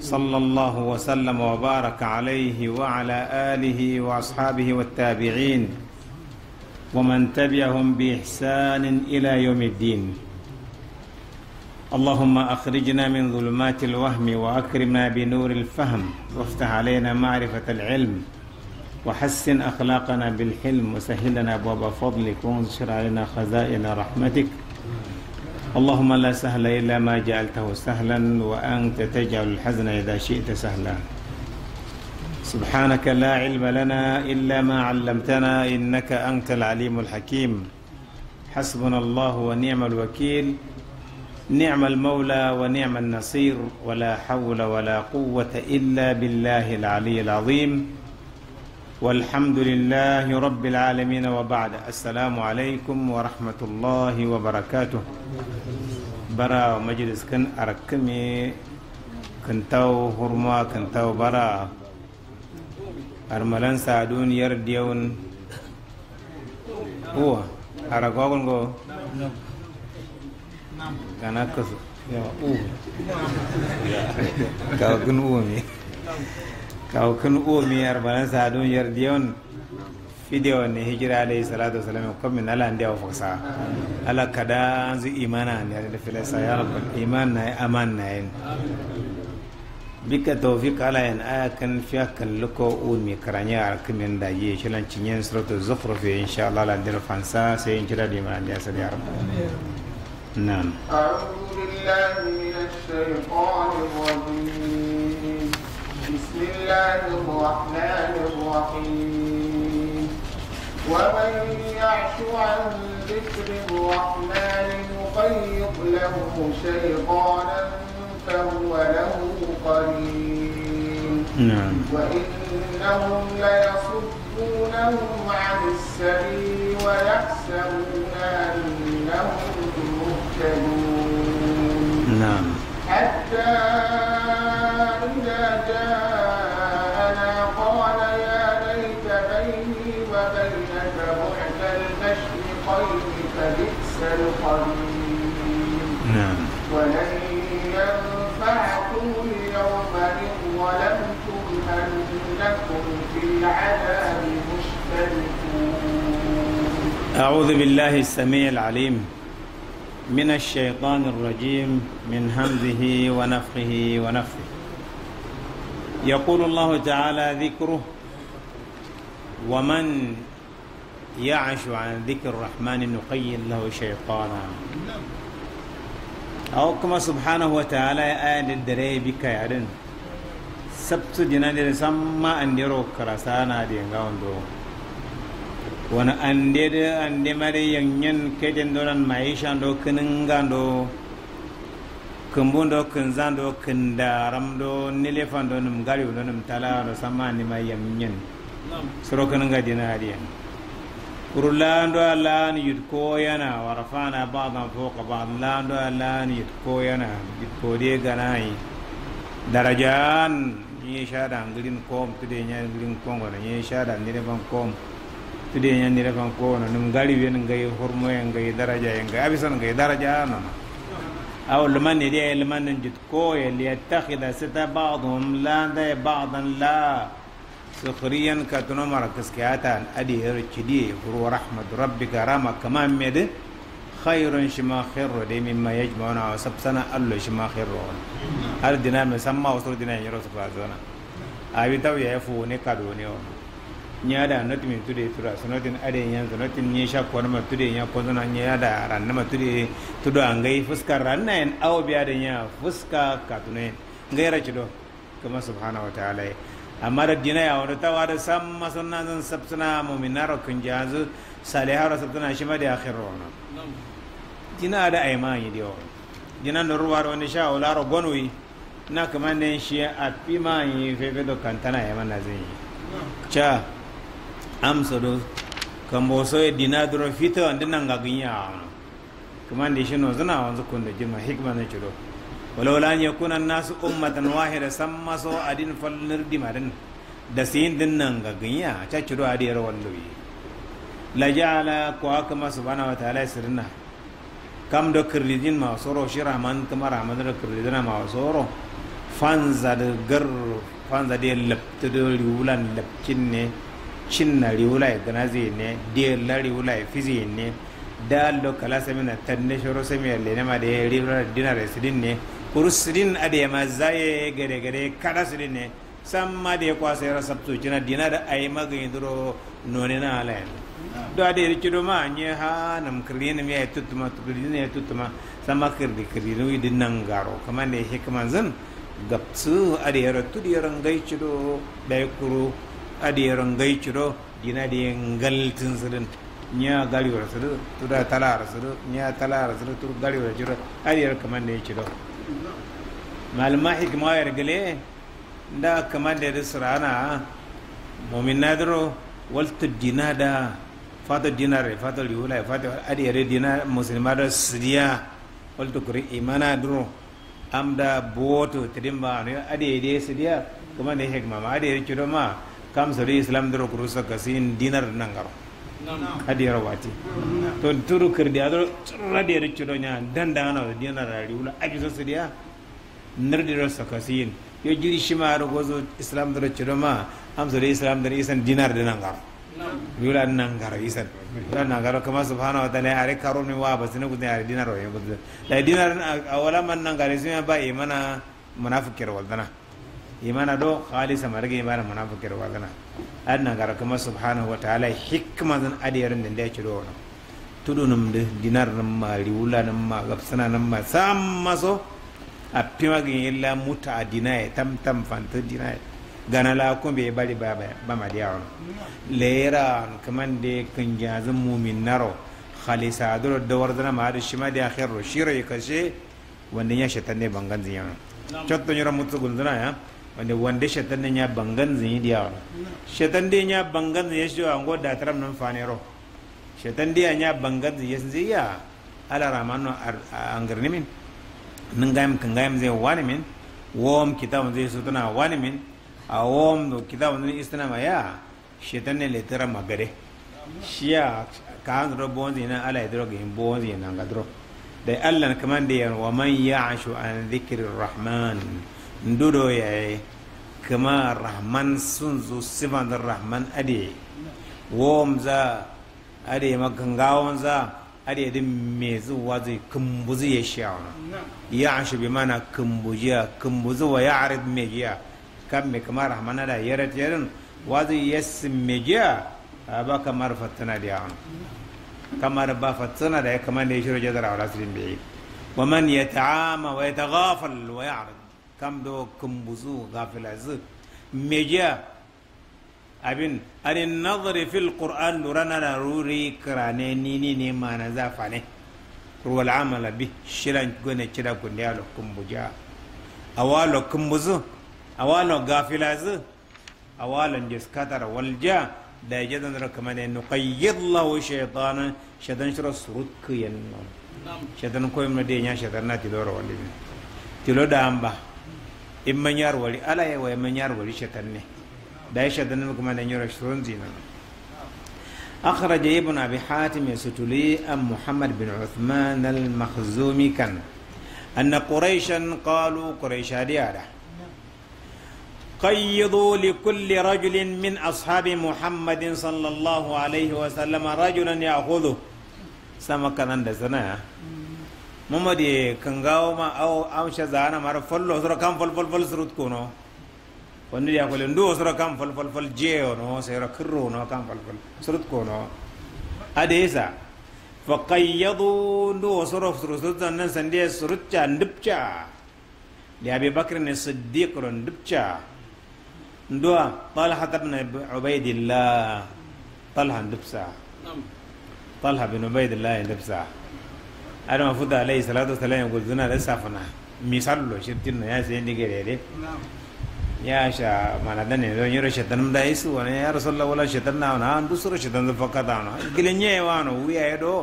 صلى الله وسلم وبارك عليه وعلى آله وأصحابه والتابعين ومن تبعهم بإحسان إلى يوم الدين اللهم أخرجنا من ظلمات الوهم وأكرمنا بنور الفهم وافتح علينا معرفة العلم وحسن أخلاقنا بالحلم وسهل لنا أبواب فضلك وانشر علينا خزائن رحمتك اللهم لا سهل إلا ما جعلته سهلا وأنت تجعل الحزن إذا شئت سهلا سبحانك لا علم لنا إلا ما علمتنا إنك أنت العليم الحكيم حسبنا الله ونعم الوكيل نعم المولى ونعم النصير ولا حول ولا قوة إلا بالله العلي العظيم والحمد لله رب العالمين وبعد السلام عليكم ورحمة الله وبركاته برا مجلس كن أركمي كنتاو هرما كنتاو برا أرملان سعدون يرديون هو أرقوغن غو كان أكسو يا أوه كاغن أومي kawkun uomi arbanan saadun yardiyon fidiyo ne hijira alayhi salatu wasalam ko min ala ndiya faksa ala kada anzu imana ne da filasa ya rabbal iman na aman na yin bika tawfiq ala yan aya kan fiya kan luko umi karanya arkin da yi shilan cinyen suratu zukhruf insha Allah la dir fansa sai in jira di man ya sai ya rabbal na'am a'udhu billahi minash shaitanir rajim بسم الله الرحمن الرحيم ومن يعش عن ذكر الرحمن نقيض له شيطانا فهو له قرين نعم وإنهم ليصدونهم عن السبيل ويحسبون أنهم مهتدون نعم حتى إذا جاء أعوذ بالله السميع العليم من الشيطان الرجيم من همزه ونفخه ونفخه يقول الله تعالى ذكره ومن يعش عن ذكر الرحمن نقيل له شيطانا أو كما سبحانه وتعالى آل الدري بك يعلن sabtu dinandere samma andero hokkara sanade ngawondo wona andede ande mare yanyan keden doran maisha do kenenga do kumbundo kunzando kundaramdo nilefando numgaliudo numtalado samani mayamnyen soro kenenga dinadiya kurulando alan yutkoyana warafana badan foka bad lando alan yutkoyana yutkode ganayi darajan nye shada ngilin kom tude nya ngilin kongo na nye shada nire ban kom tude nya nire ban ko na num gali wen ngai hormo ya ngai daraja ya ngai abisan ngai daraja na أو لمن يدي لمن نجد كوي ليتخذ ستا بعضهم لا ذا بعضا لا سخريا كتنمر كسكياتا أدي إرشدي فرو رحمة ربك رحمة كمان ميدي خير شما خير دي مما يجمعون وسب سنة الله شما خير هل دينا من سما وصل دينا يرو سفازونا أبي تاو يفو نكادوني nyada not min today tura so not in ade yan so not in nisha korma today ya ko zona nyada ranna ma today tudo angai fuska ranna en aw biya da nya fuska katune ngaira chido kama subhanahu wa ta'ala amma da dina ya wani tawa da samma sunna zan sabtana mu'minaro kunjazu saliharo sabtana shima da akhiru tina da yi dio gina da ruwa da ni sha ola ro gonwi na kuma ne shi a ma yi fefe da kantana ya mana zai cha amsa do kambo so ya dina duro fito ande nanga ginya kuma da shi no zana wanzu kun ma jima hikma ne chiro walau lan yakuna nasu ummatan wahida san maso adin fal nirdi madan da sin din nan ga ginya a chiro adiyar walloyi lajala ko aka masu bana wa ta'ala sirna kam do kirlidin ma soro shiraman kama raman do kirlidin ma soro fanza da gar fanza da lapta da riwulan lapkin ne cin na riwula e gana e zai ne da la riwula fizi ne da lo kala samina tanne shoro sami yalle e ne ma da riwula dina da sidin ne da ya ma zaye gare gare kada sidin ne samma da ya kwasa ya rasabtu kina dina da ayi magayin duro nonina alayin do ade rikido ma nye ha nam kirlina mi ay tutuma kirlina ay tutuma sama di kirlina wi di nangaro kama ne he kama zan gapsu ade yara tudi yara ngai chido dai kuru ade yara ngai chido dina di ngal tin sirin nya gali wara siru tuda talara siru nya talara siru tu gali wara chido ade yara kama ne chido malma hikma yar gele nda kama de sirana mumin nadro waltu dinada fato dinare fato liwula fato adi yere dinare muslima do sidiya wal kuri imana duro amda boto trimba anu ya, adi yere sidiya kuma ne hek ma adi yere curama, ma kam sori islam duro kurusa kasin dinar nangaro adi yere wati to turu kirdi ado adi yere kido nya dandana do dinar liwula adi so sidiya nirdiro sakasin yo jiri shima aro gozo islam duro curama, ma am sori islam duro isan dinar dinangaro yula gara isan yula nangaro kama subhanahu wa ta'ala are karo ni wa basine kutne are dinaro ye da la dinar wala man gara sun ba imana munafiqir waldana imana do khalisa marge imana munafiqir waldana ad gara kama subhanahu wa ta'ala zan adiyarin den da ciro tudu tudunum de dinar nan ma riwula nan ma gafsana nan ma maso a pimagin yella muta dinaye ya tamtam fanta ya Gana la ko be bari bama kaman de kan kanjazin mumin naro khalisa da dawar dana ma hadu shima da akhir shiro kashe wanda ya shatan ne bangan ya chotto nyura mutsu gunzana ya wanda wanda shatan ne ya bangan zinya diawon shatan de ya bangan ya shi ngo da taram nan fanero shatan de ya bangan zin ya ala ramano angarnimin kan gaim zai wani min wom kitabun zai sutuna wani min awom no kita wani istana maya shetan ne letera magare shia ka an dro bonzi na ala dro ga in bonzi na ga dro da Allah kaman da yan wa man ya'shu an dhikri rahman ndudo yayi eh. kama rahman sun zo sivan rahman adi wom za ade magangawon za ade din me zuwa zai kumbuzi ya sha ya shi bi mana kumbujiya kumbuzi wa ya arid me كم مكمار همنا لا يرد يرن وادو يس مجيا أبا كمار فتنا ديان كمار با فتنا ده كمان نيشرو جدر على سرين بي ومن يتعام ويتغافل ويعرض كم دو كم بزو غافل عز مجيا أبين أن النظر في القرآن لرنا لروري كراني نيني نيما نزافاني روى العمل به شلان كوني كوني كنيا لكم بجا أوالو كم بزو awano gafilaz awalan jiskatara walja da jadan rakamane nuqayyid lahu shaytana shadan shura suruk yanno shadan ko imna de nya shadan na tiloro wali tilo da amba imma nyar wali ala ya wa imma nyar wali shatan ne da shadan kuma da nyora shurun zina أخرج ابن أبي حاتم الستلي أم محمد بن عثمان المخزومي كان أن قريشا قالوا قريش ديارة قيضوا لكل رجل من أصحاب محمد صلى الله عليه وسلم رجلا يأخذه سما كان عند سنة محمد كنغاو ما أو أم شزانا مار فلو سر كم فل فل فل سرط كونو فندي يقول إن دو سر كم فل فل فل جيو نو سير كرو نو كم فل فل سرط كونو أديسا فقيضوا دو سر سر سر تنن سندي سرطجا ندبجا لأبي بكر الصديق رندبجا ندوا نعم. طلحة بن عبيد الله طلحة دبسة طلحة بن عبيد الله دبسة أنا مفروض عليه الصلاة والسلام يقول زنا لسه فنا مثال له شتينا يا سيدي كريدي نعم. يا شا ما ندني لو يرى شتان مدايس وانا يا رسول الله ولا شتان ناونا دوسر شتان فقط انا كلنيه وانو ويا يدو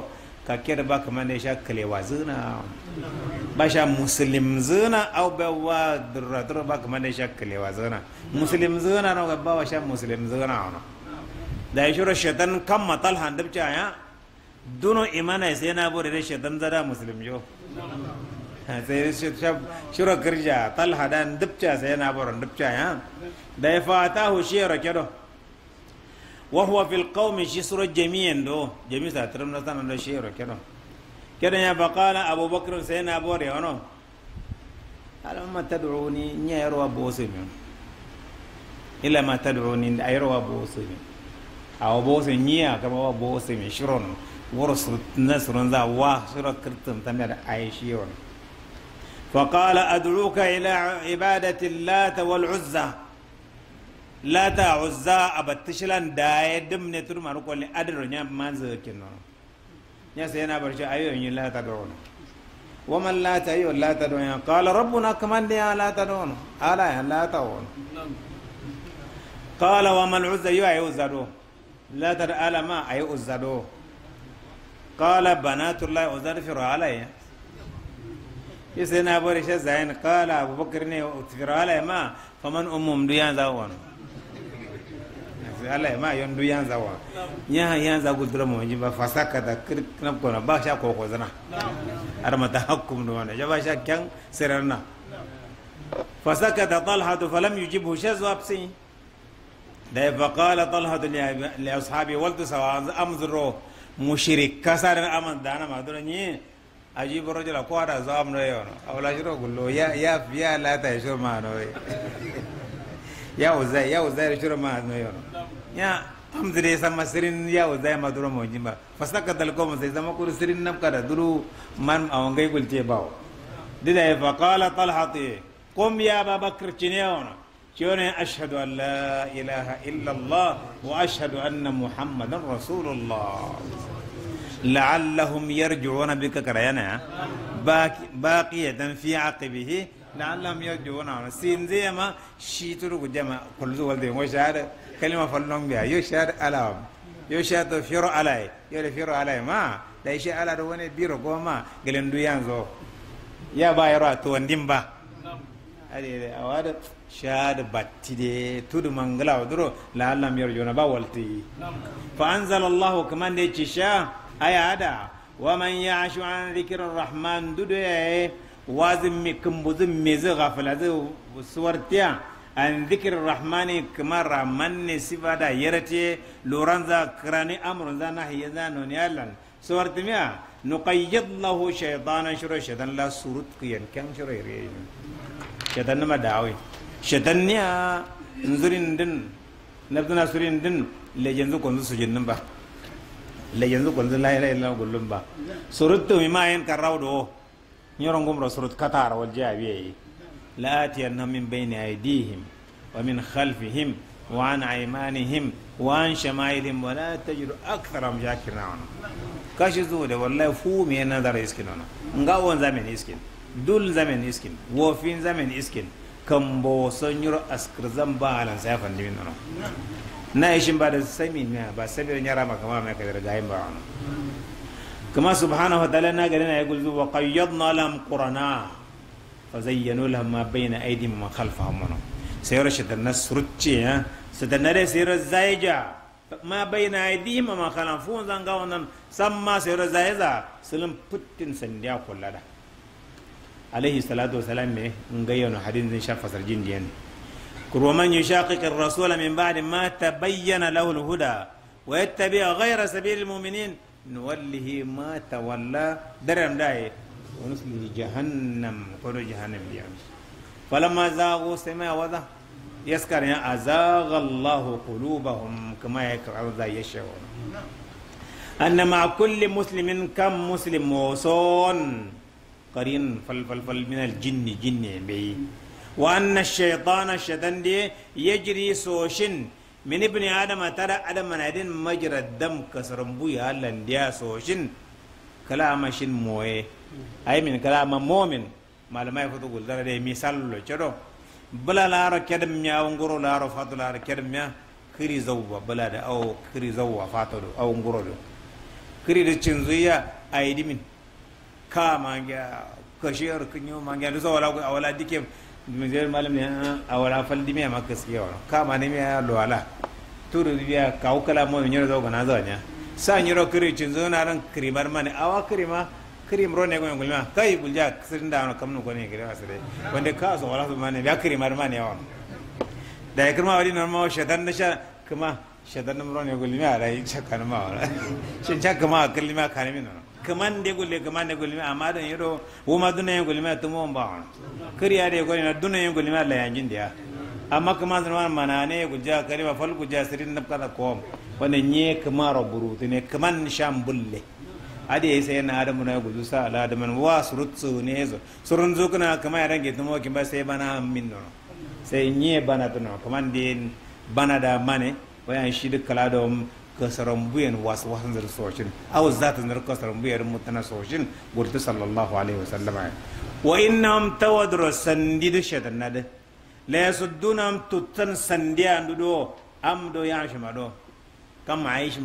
kakiyar ba kamar da sha kalewa zina ba sha musulim zina au bawa duradura ba kamar da sha kalewa zina musulim zina na ga bawa sha musulim zina ona da ya shura shaitan kan matal handab cha ya duno imana sai na bore da shaitan zada musulim jo sai shura girja da hadan dubca sai na bore dubca ya da ya fata hu shi rakedo wa huwa fil qawmi shisro jami'an do jami sa taram na sanan do shiro kedo kedo ya faqala abubakar sayna bore ono ala ma tad'uni nya yaro abose mi ila ma tad'uni ayro abose mi awo bose nya kama wa bose mi shiron woro nasrun za wa tamar فقال أدعوك إلى عبادة اللات والعزى lata uzza da daye dimne tur maru kolle adro nya manzo kinno nya sai yana barci ayo yin lata don wa man lata ayo lata don ya qala rabbuna kaman ya lata don ala ya lata don qala wa man uzza ayo ayo uzza do lata ala ma ayo uzza do qala banatullahi uzza fi ya sai yana barci zain qala abubakar ne utfira alayya ma faman ummum duyan zawon su Allah ya ma yandu yanza wa nya ha yanza guldura mu ba fasaka da kirknam kona ba sha ko ko zana ar mata hakkum no ne ba sha kyan sirarna fasaka da talha falam yujibhu shazwa absi da faqala talha li ashabi waltu sawa amzuru mushrik kasar aman dana madura ni ajib rajula ko ada zam no yo awla shiro gullo ya ya ya la ta shiro ma no ya uzai ya uzai shiro ma no yo ya hamdire sama sirin ya wazai ma duro mo jimba fasta ka dal ko mo sai sama kur sirin nam kada duru man awangai gulce bawo dida ya fa qala talhati qum ya babakr chineyona chone ashhadu an la ilaha illa allah wa ashhadu anna muhammadan rasulullah لعلهم يرجعون بك كريانا باقية في عقبه لعلهم يرجعون سين زي ما شيترو جما كل ذو ولد وشهاده kalima fallon biya yo shar alawa yo shar to fioro alai yo da fioro alai ma da ishe ala do woni biro goma gelen du zo ya ba yaro a ba. to ndimba ade awada shad battide tudu mangala duro la allah miyar yarjuna ba walti fa anzala allah kaman de sha aya ada wa man ya'shu an dhikri rahman dudu ya e, wazim mi kumbuzum mezi ghafla zu suwartiya an dhikri rahmani kama rahmanne sifada yarate loranza krani amrunza nahiyanza noniyalan sowartimiya nuqayyid lahu la surut kyan yare niya din din ba ba surut ma yin karaw do nyorongum surut katar wal لآتينهم من بين أيديهم ومن خلفهم وعن أيمانهم وعن شمائلهم ولا تجد أكثرهم شاكرين kashi zuwa da wallahi fu me yana na iskin Nga ngawon iskin dul zamen iskin wofin iskin kan boso son yuro askir zan ba alan sai na ishin ba da sami na ba sami da yara maka ma mai kadar gayin ba wana kuma subhanahu wa ta'ala na gani na ya gulzu wa qayyadna lam qurana وزينوا لهم ما بين أيديهم وما خلفهم منهم سيرا شدنا سرتشي سدنا لي سيرا زايجا ما بين أيديهم وما خلفهم فون زنقاونا سما سيرى زايزا سلم بوتين سنديا كل هذا عليه الصلاة والسلام إيه؟ نغيون حديث إن شاف سرجين ديان يعني. ومن يشاقق الرسول من بعد ما تبين له الهدى ويتبع غير سبيل المؤمنين نوله ما تولى درم داي ونصله جهنم قولوا جهنم يعني فلما زاغوا سمع وذا يسكر يا أزاغ الله قلوبهم كما يكرر ذا يشعون أن مع كل مسلم كم مسلم موصون قرين فل فل فل من الجن جن بي وأن الشيطان الشيطان دي يجري سوشن من ابن آدم ترى آدم ادم مجرى الدم كسرمبوي هالا دي سوشن كلامشن مويه ay min kala ma momin malamai foto gol dara de misal lo cedo bala laro kedem nyaaw ngoro laro fatu laro kedem nya kiri zawwa bala da aw kiri zawwa fatu do aw ngoro do kiri de cinzuya ay dimin ka manga kashiyar kunyo manga do zawala ko awala dikem mizel malam ne ah, awala fal dimi ma kaskiya wa ka ma ne ya lo ala turu biya kaw kala mo nyoro zawga na zawnya sa nyoro kiri cinzu na ran kiri bar mane awa kiri ma kiri mro ne gonyo gulma kai bulja sirin da kam nu gone kiri masire wanda ka so wala su mane ya kiri mar mane yawa da ya kirma wadi normal shadan na sha kuma shadan mro ne gulma ala yi chakan ma wala shin cha kuma kalima kane min kaman de gulle kaman de gulle amma dan yero wo ma dunna yin to mo ba kiri ya de gone na dunna yin gulle la yanjin dia amma kuma zan mana ne gulja kare ma fal gulja sirin na kada kom wanda nye kuma raburu ne nishan bulle ade sai na adamu na guzu sa ala adaman wa surutsu ne zo surun zukuna kama yaran ke tumo kin ba sai bana min no sai nye bana tuno no kaman din bana da mane waya shi duk kala da kasaran buyen was wasan zar soshin aw zata zar kasaran buyan mutana soshin gurtu sallallahu alaihi wasallama wa innam tawadru sandidu shatanade la yasuddunam tutan sandiya ndudo amdo yashmado shimado kama aish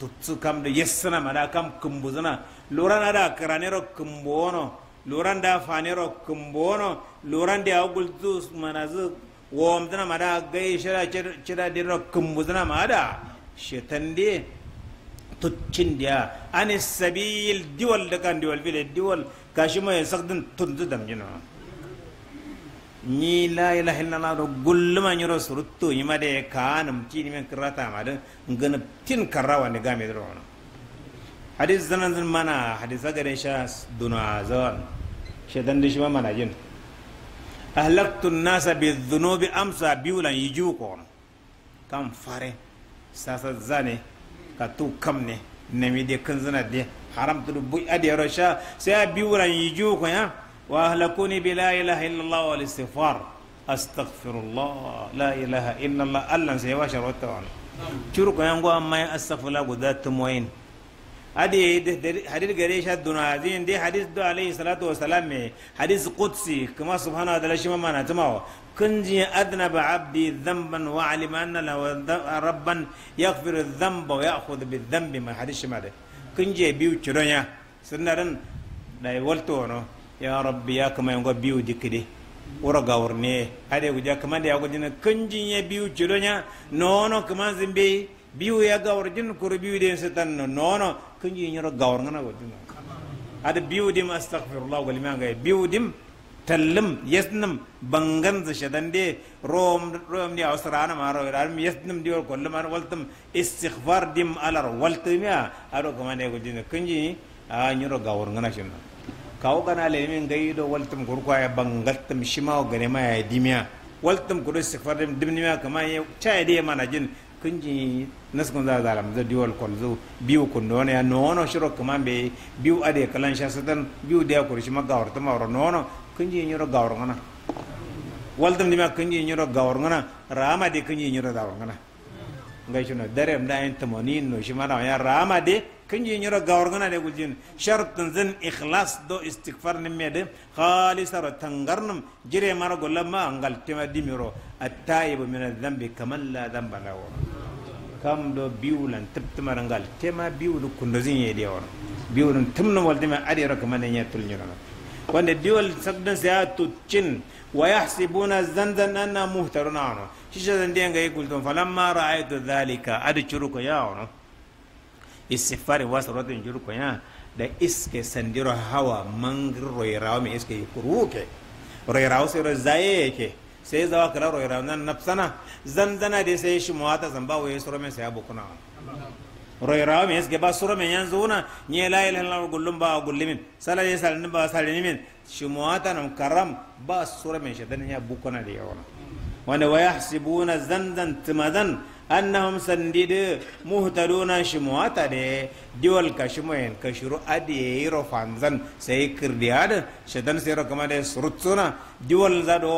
tuttu kamɗo yessanama aɗa kam kumbusana loran aɗa karanero kumbono loran da fanero kumbono loran de awgultu manazu womdanama aɗa gay ceɗa ceɗa dirro kumbusanama aɗa shetande tuccindiya ani sabil diwal da kan diwal file diwal kashimo e sakdin tuntu damjinoma ñi la ilaha illallah do golluma surutu surutto ñimade kanam ni men de ngana tin ne game ɗo ono hadis zan mana hadis agare sha duna zawan shaitan da shi ma mana jin ahlaktun nasa bi dhunubi amsa biulan yi ko kan fare sasa zane ka tu kam ne mi de kan zana de haram tu bu adiyar sha sai biulan yi ko ya وأهلكوني بلا إله إلا الله والاستغفار أستغفر الله لا إله إلا الله ألا سي واشر وتوان شرك ينغو ما أستغفر الله قدات موين هذه حديث قريش الدنيا هذين دي حديث دو عليه الصلاة والسلام حديث قدسي كما سبحانه وتعالى شما ما نتمعه كنجي أذنب عبدي ذنبا وعلم أن له ربا يغفر الذنب ويأخذ بالذنب ما حديث شما ده كنجي بيو تشرونيا سنرن لا يولتونه ya rabbi ya kama yonga biyu dikide wura gawurne ade guja kama da ya gujina kanjin ya biu cidonya nono kama zimbe biyu ya gawar jin kuru biyu de setan no nono kanjin yoro gawur na gujina ada biyu dim astaghfirullah wal gaya biyu dim tallim yasnim bangan za shadan de rom rom ni ausrana ma ro ram yasnim di wal kollam ar waltum istighfar dim alar waltum ya aro kama ne gujina kanjin a nyoro gawur shi shinna kawo gana lemin gai do waltum gurkwa ya bangaltum shima wa gane ma ya dimiya waltum kudu sifarim dimniya kama ya ya mana jin za zara diwal biyu kun nono ya nono shiro kama be biyu ya kalan sha biyu da kuri shi magawar ta mawar nono gawar ngana dimiya gawar ngana kunji gawar ngana ngai dare mda tamoni no ya kan yi nyira gawar ngana ne gujin shartan zan ikhlas do istighfar ne mede khalis ro tangarnum jire mara golla ma angal tema dimiro at-tayyib min adh-dhanbi kaman la dhanba lahu kam do biulan tiptimar ngal tema biulu kundozin ye de wor biulun tumnum waldima adi ro kamane nyatul nyira wanda diwal sagdan sa to cin wa yahsibuna zanzan anna muhtaruna shi shi zan denga yikul don falamma ra'aytu dhalika adi churuko ya wono istighfar wa sarodin juru koya da iske sandiro hawa mangir roirawo me iske kuruke roirawo sai ro zaye yake sai zawa kala roirawo nan nafsana zanzana dai sai shi muwata zamba waye suro men sai abukuna roirawo me iske ba suro men yanzu na ni la ilaha illallah gullum ba gullimin sala ne salin ba salin min shi muwata nan karam ba suro men shedan ya bukuna da yawa wanda wayahsibuna zanzan timadan annahum sandide muhtaduna shimuata de diwal kashimoyen kashuru adi ro fanzan sai kirdiad shadan sai ro kamade surutsuna diwal za do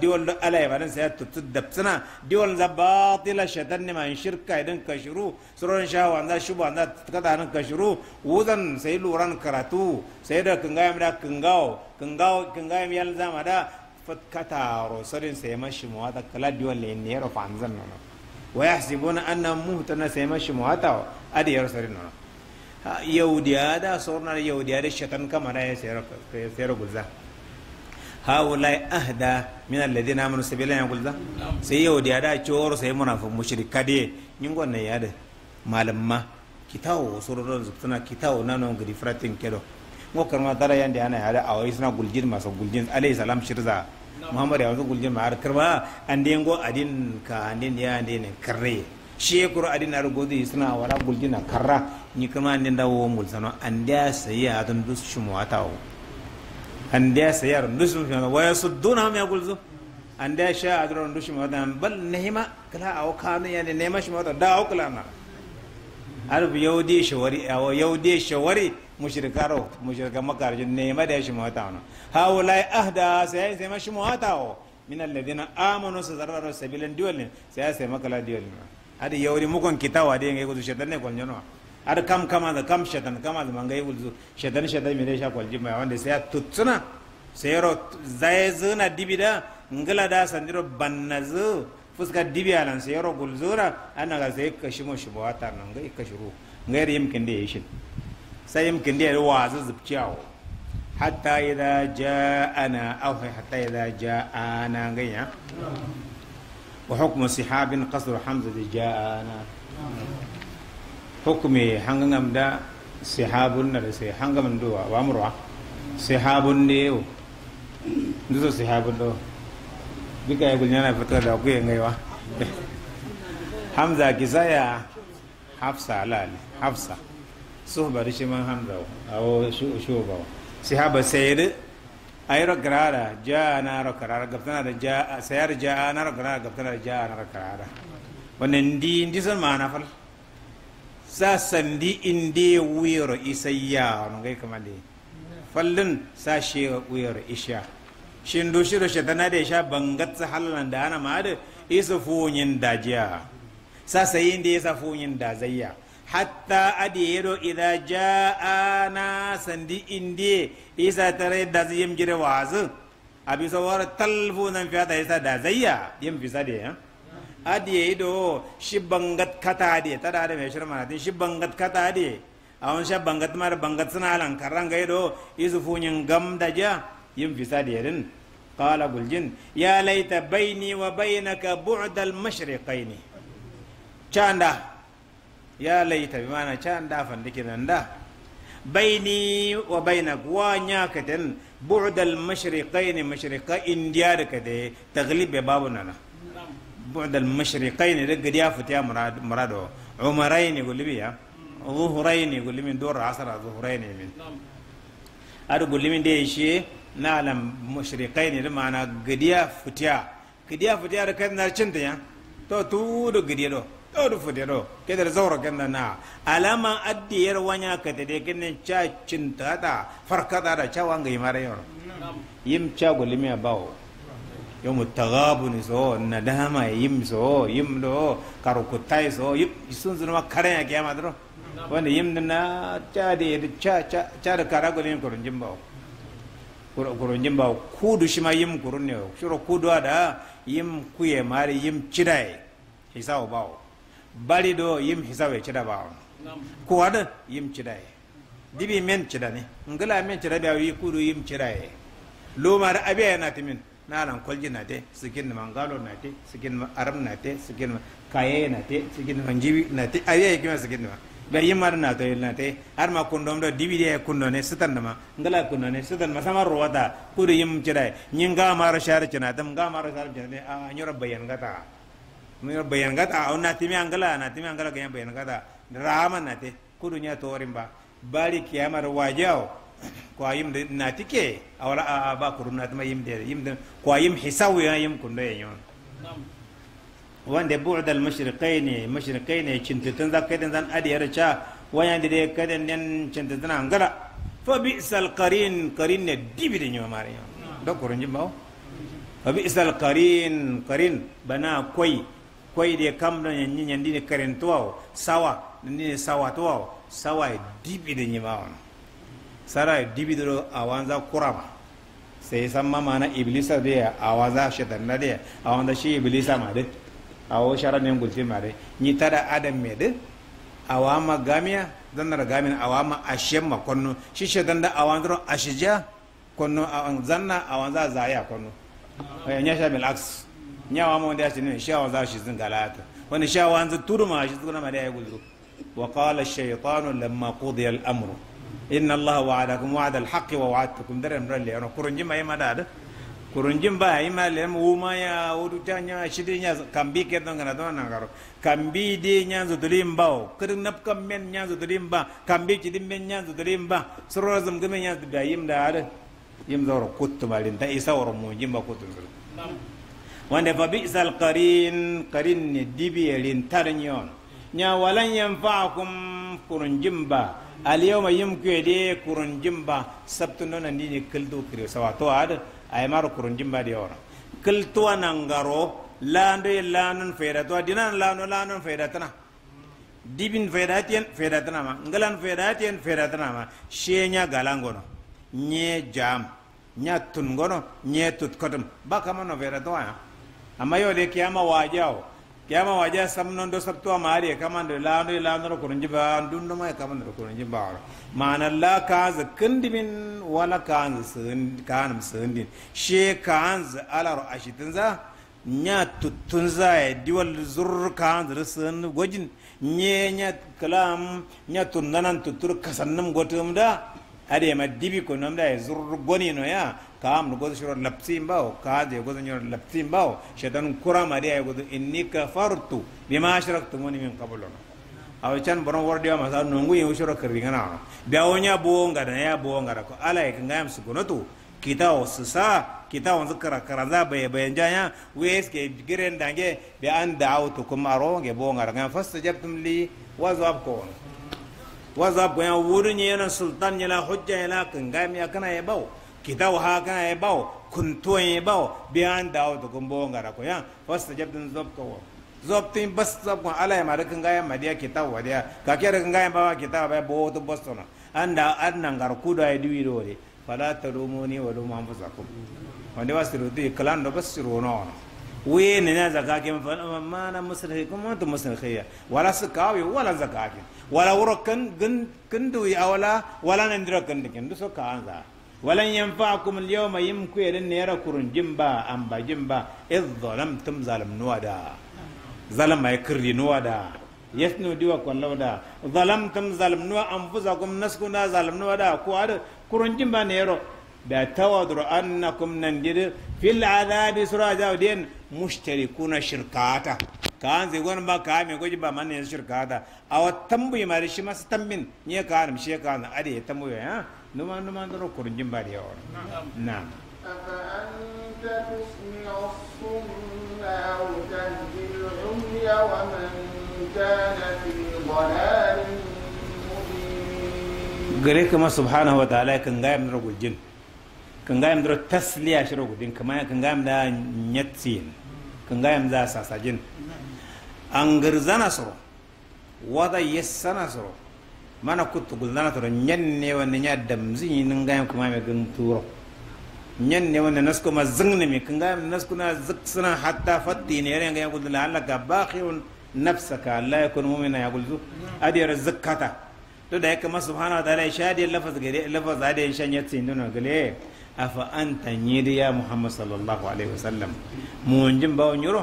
diwal do alay badan sai tuttud dabtsuna diwal za batila shadan ne man shirka idan kashuru suron sha za shuba za kada nan kashuru wuzan sai luran karatu sai da kingayam da kingao kingao kingayam yal zamada ro sarin sai ma muwata kala diwal ne ro fanzan nono wayahsibuna annahum muhtana sema shumuhatao adi yarosarinona yahudiyaada sornara yahudiyaada shatan kamaraya sero gulza haulai ahda min alladhina amanu sabila ya gulza sai yahudiyaada coro sai munafu mushrikade nyingo na yada malamma kitawo sororo zubtana kitawo nano ngri fratin kedo ngokarma dara yande ana yada awai suna guljin masa guljin alayhi salam shirza muhammad gulgin ma jama'ar karba. anden go adin ka andin ya andin karre shekuru adin argodi suna wala guljina karra ni kuma anden an mulsano ande sayya don dus shumwata ande Waya dus shumwata wa yasudduna ma an ande sha adron dus shumwata bal nehima kala aw kanu yani nema muwata da aw kala na arbu yaudi shawari aw yaudi shawari mushrikaro mushrika makarjun ma da shi muhatawno haulai ahda sai sai ma shi o min alladina amanu sazarra sabilan diwalin sai sai ma kala diwalin hadi yawri mukon kitawa de ngai gudu shedan ne kolnyono ar kam kama da kam shedan kama da mangai gudu shedan shedan mi ne sha kolji mai wanda sai tutsuna sai ro zai zuna dibida ngala da sandiro bannazu fuska dibi alan sai ro gulzura anaga sai kashimo shi muhatar nan ngai kashuru ngai yimkin da yishin sai yamkin da yadda wa ciyawo hatta yi ja ana afai hatta yi ja ana ganya wa hukumar sahabin kasar hamza da ja ana hukumar hangangam da sahabin na da sai hangangam da wa murwa da yau da duka ya na da hamza ki zaya hafsa hafsa suhbarishman hamraw awo shubaw sihaba sayr ayro ja jaa naro karara gabtanara ja sayar ja jaa naro garara gabtanara na naro karara wani ndi ndi son mana fal sa sandi ya wani isayya ono gay kamande fallin sa she wuyero isha shin do shiro shatana da isha bangat sa halalan da ana ma da isa fonyin dajiya sa ya sa isa fonyin da zayya hatta adiyero ja'a na sandi indie isa tare da ziyem jire wazu abi so war talfu nan fiye hada isa da zayya yem fi sade ya adiyero shi bangat kata de ta da mai shirma shi bangat kata de a wani shi bangat suna lan karanga ido izu funyin gam da ja yin fisa sade din kala guljin ya laita baini wa bainaka bu'dal mashriqaini canda ya laita bi mana can da ke dake nan da baini wa baina wa nya ka den bu'dal mashriqain mashriqa indiya da ka de taglib babu nana bu'dal mashriqain da gadi ya fita murad murado umarain gulbiya zuhurain gulmin dor asara zuhurain min ar gulmin da shi na alam mashriqain da mana gadi ya fita gadi ya fita da kan narcin da ya to tu da gadi do ɗoɗo fudeɗo kedere zaura ganda na alama addi ka waña katede kene ca cintaɗa da ca wanga yimara yi. yim cago limia bawo yomu tagabuni so nadama yim so yim do karo kuttay so yim sunsunoma karaya kiyama doro wonde yimdena caade na, ca caade karago lim koto jimbawo koto jimbawo kuudu sima yim kurun ne. suro kuudu aɗa yim kuye maari yim ciraye o bawo bali do yim hisawe chida ba kuwa da yim chida ye dibi men chida ne ngala men chida biya wi kuru yim chida ye lo mara abiya ya nati min nalang kolji nati sikin ma ngalo nati aram nati sikin kaya ya nati sikin ma njiwi nati abiya ya kima sikin ma ba yim mara nato yil nati arma kundom do dibi yim chida nyinga mara shara chanatam nga mara shara chanatam nyora bayan gata bayangata au natimi angala natimi angala ganya bayangata rama nate kudunya torimba bali kiyamar wajau kwa yim natike awala a ba kurun natma yim de yim kwa yim hisawu ya yim kunda yanyo wanda bu'd al mashriqain mashriqain cintitan zakaitan zan adiyar cha wayan de kadan nan cintitan angala fa bi'sal qarin qarin ne dibide nyoma mari do kurun jimbaw fa bi'sal qarin qarin bana koi de kam ɗo ñanɗi ñanɗine karen towa o sawa ñanɗine sawa towa o sawa e yi ma on sara e diɓide ɗo awanza kurama sey samma mana iblisa de awanza chetanna de awanza shi iblisa ma de awo shara nen gultima de ñittaɗa adam me de awama gamiya na gamin awama ashemma konno shi chetanɗa awandoro ashija konno zanna awanza zaya konno ñacha bil axe nyawa mo nda shinu shawa za shi zin galata wani shawa an turma shi zin ma da ya gudru wa qala shaytanu lamma qudiya al-amr inna allaha wa'adakum wa'ada al-haqqi wa wa'adtukum daram ralli ana ma mai madada kurunjin ba ima mu wuma ya wudu tanya shidi nya kambi ke don kana don nan garo kambi de nya zu dulim ba kirin nap kam men nya zu dulim ba kambi ci dim men nya zu dulim ba suro zum gem nya zu da yim da ada yim zawro kuttu balin ta isa woro mu jimba kuttu wanda fa bi'sal qarin qarin ne dibiyarin tarnyon nya walan yanfa'akum kurunjimba al yawma yumke de jimba sabtu nona ni ne kaldo kire sawa to ad ay kurun jimba de ora kalto nangaro lando lanun fera to dinan lano lanun fera tana dibin fedatien tana ma ngalan fedatien tana ma shenya galangono nye jam nya tungono nye tutkotum bakamano fera to ya amma yau dai kiyama wajau kiyama waja samnon do sabto amari e kama ndo lando e lando ro kurunji ba dundo mai e kama ndo kurunji ba mana la kanz kundimin wala kanz sun kanam sundin she kanz alar ashitinza nya tutunza ya diwal zur da sun gojin nye nya kalam nya tunnanan tutur kasannam da ade ma dibi ko namda e zur goni no ya kam nu gozo shiro lapsi mbao ka de gozo nyoro lapsi mbao shetan kura mari ay gozo inni kafartu bima ni min qablu aw can bono wordi ma sa no ngu yewu shiro kirri ngana biya wonya bo ngada ya bo ngada ko ala ek ngam sugunatu kita o susa kita on zikra karanza baye bayan janya wes ke giren dange be an da'awtu kuma ro ge bo ngada ngam jabtum li wazab ko wazab ko ya wuri ne yana sultan yana hujja yana kangami ya kana ya bawo kidaw ha kana e baw kuntu e baw biyan daw to kumbo ngara ko ya fasta jabdin zob ko zobtin bas zob ko ala ya marakin ga ya madiya kitaw wadiya ka kira kan ga ya bawa kitaw ba bo to bostona anda annan gar kudo e diwi dore fala tarumuni wa lumu anfusakum wanda wasiru di kalan do basiru no wene na zakakin mana musrihikum wa antum musrihiya wala sukawi wala zakakin wala wuro kan kin duwi awala wala nan dira kan dikin duso ka anza walan yanfa'akum al-yawma yimku yadin ne yara kurun jimba an ba ya kirri nuwada yasnu diwa kwallawda zalamtum zalam nuwa anfusakum naskuna zalam nuwada ko ad kurun jimba ne da tawadru annakum nan gidi fil adabi suraja den mushtarikuna shirkata an zai gwan ba ka mai gwaji ba man ne shirkata a wa yi mari shi masu tambin ne ka shi ka ya yi ha numan numan doro kurjin bari yawar na'am أفأنت تسمع الصم أو تهدي العمي ومن كان في ضلال gare kama subhanahu wa ta'ala kan gayam dara gujin kan gayam dara tasliya shiro gujin kama kan gayam da nyatsin kan gayam da sasajin an garzana soro wada mana kuttu ne toro nyanne wonde nyaddam zini nangayam kuma mame gam turo ne wonde nasko ma ne mi kanga nasko na ziksana hatta fatti ne yare ngayam guldana alla ga bakhirun nafsaka alla yakun mu'mina ya gulzu adi yare zakata to da yake masu subhanahu wa ta'ala shadi lafaz gare lafaz adi shan yatsi ndono gale afa anta nyidi ya muhammad sallallahu alaihi wasallam mu njin bawo nyuro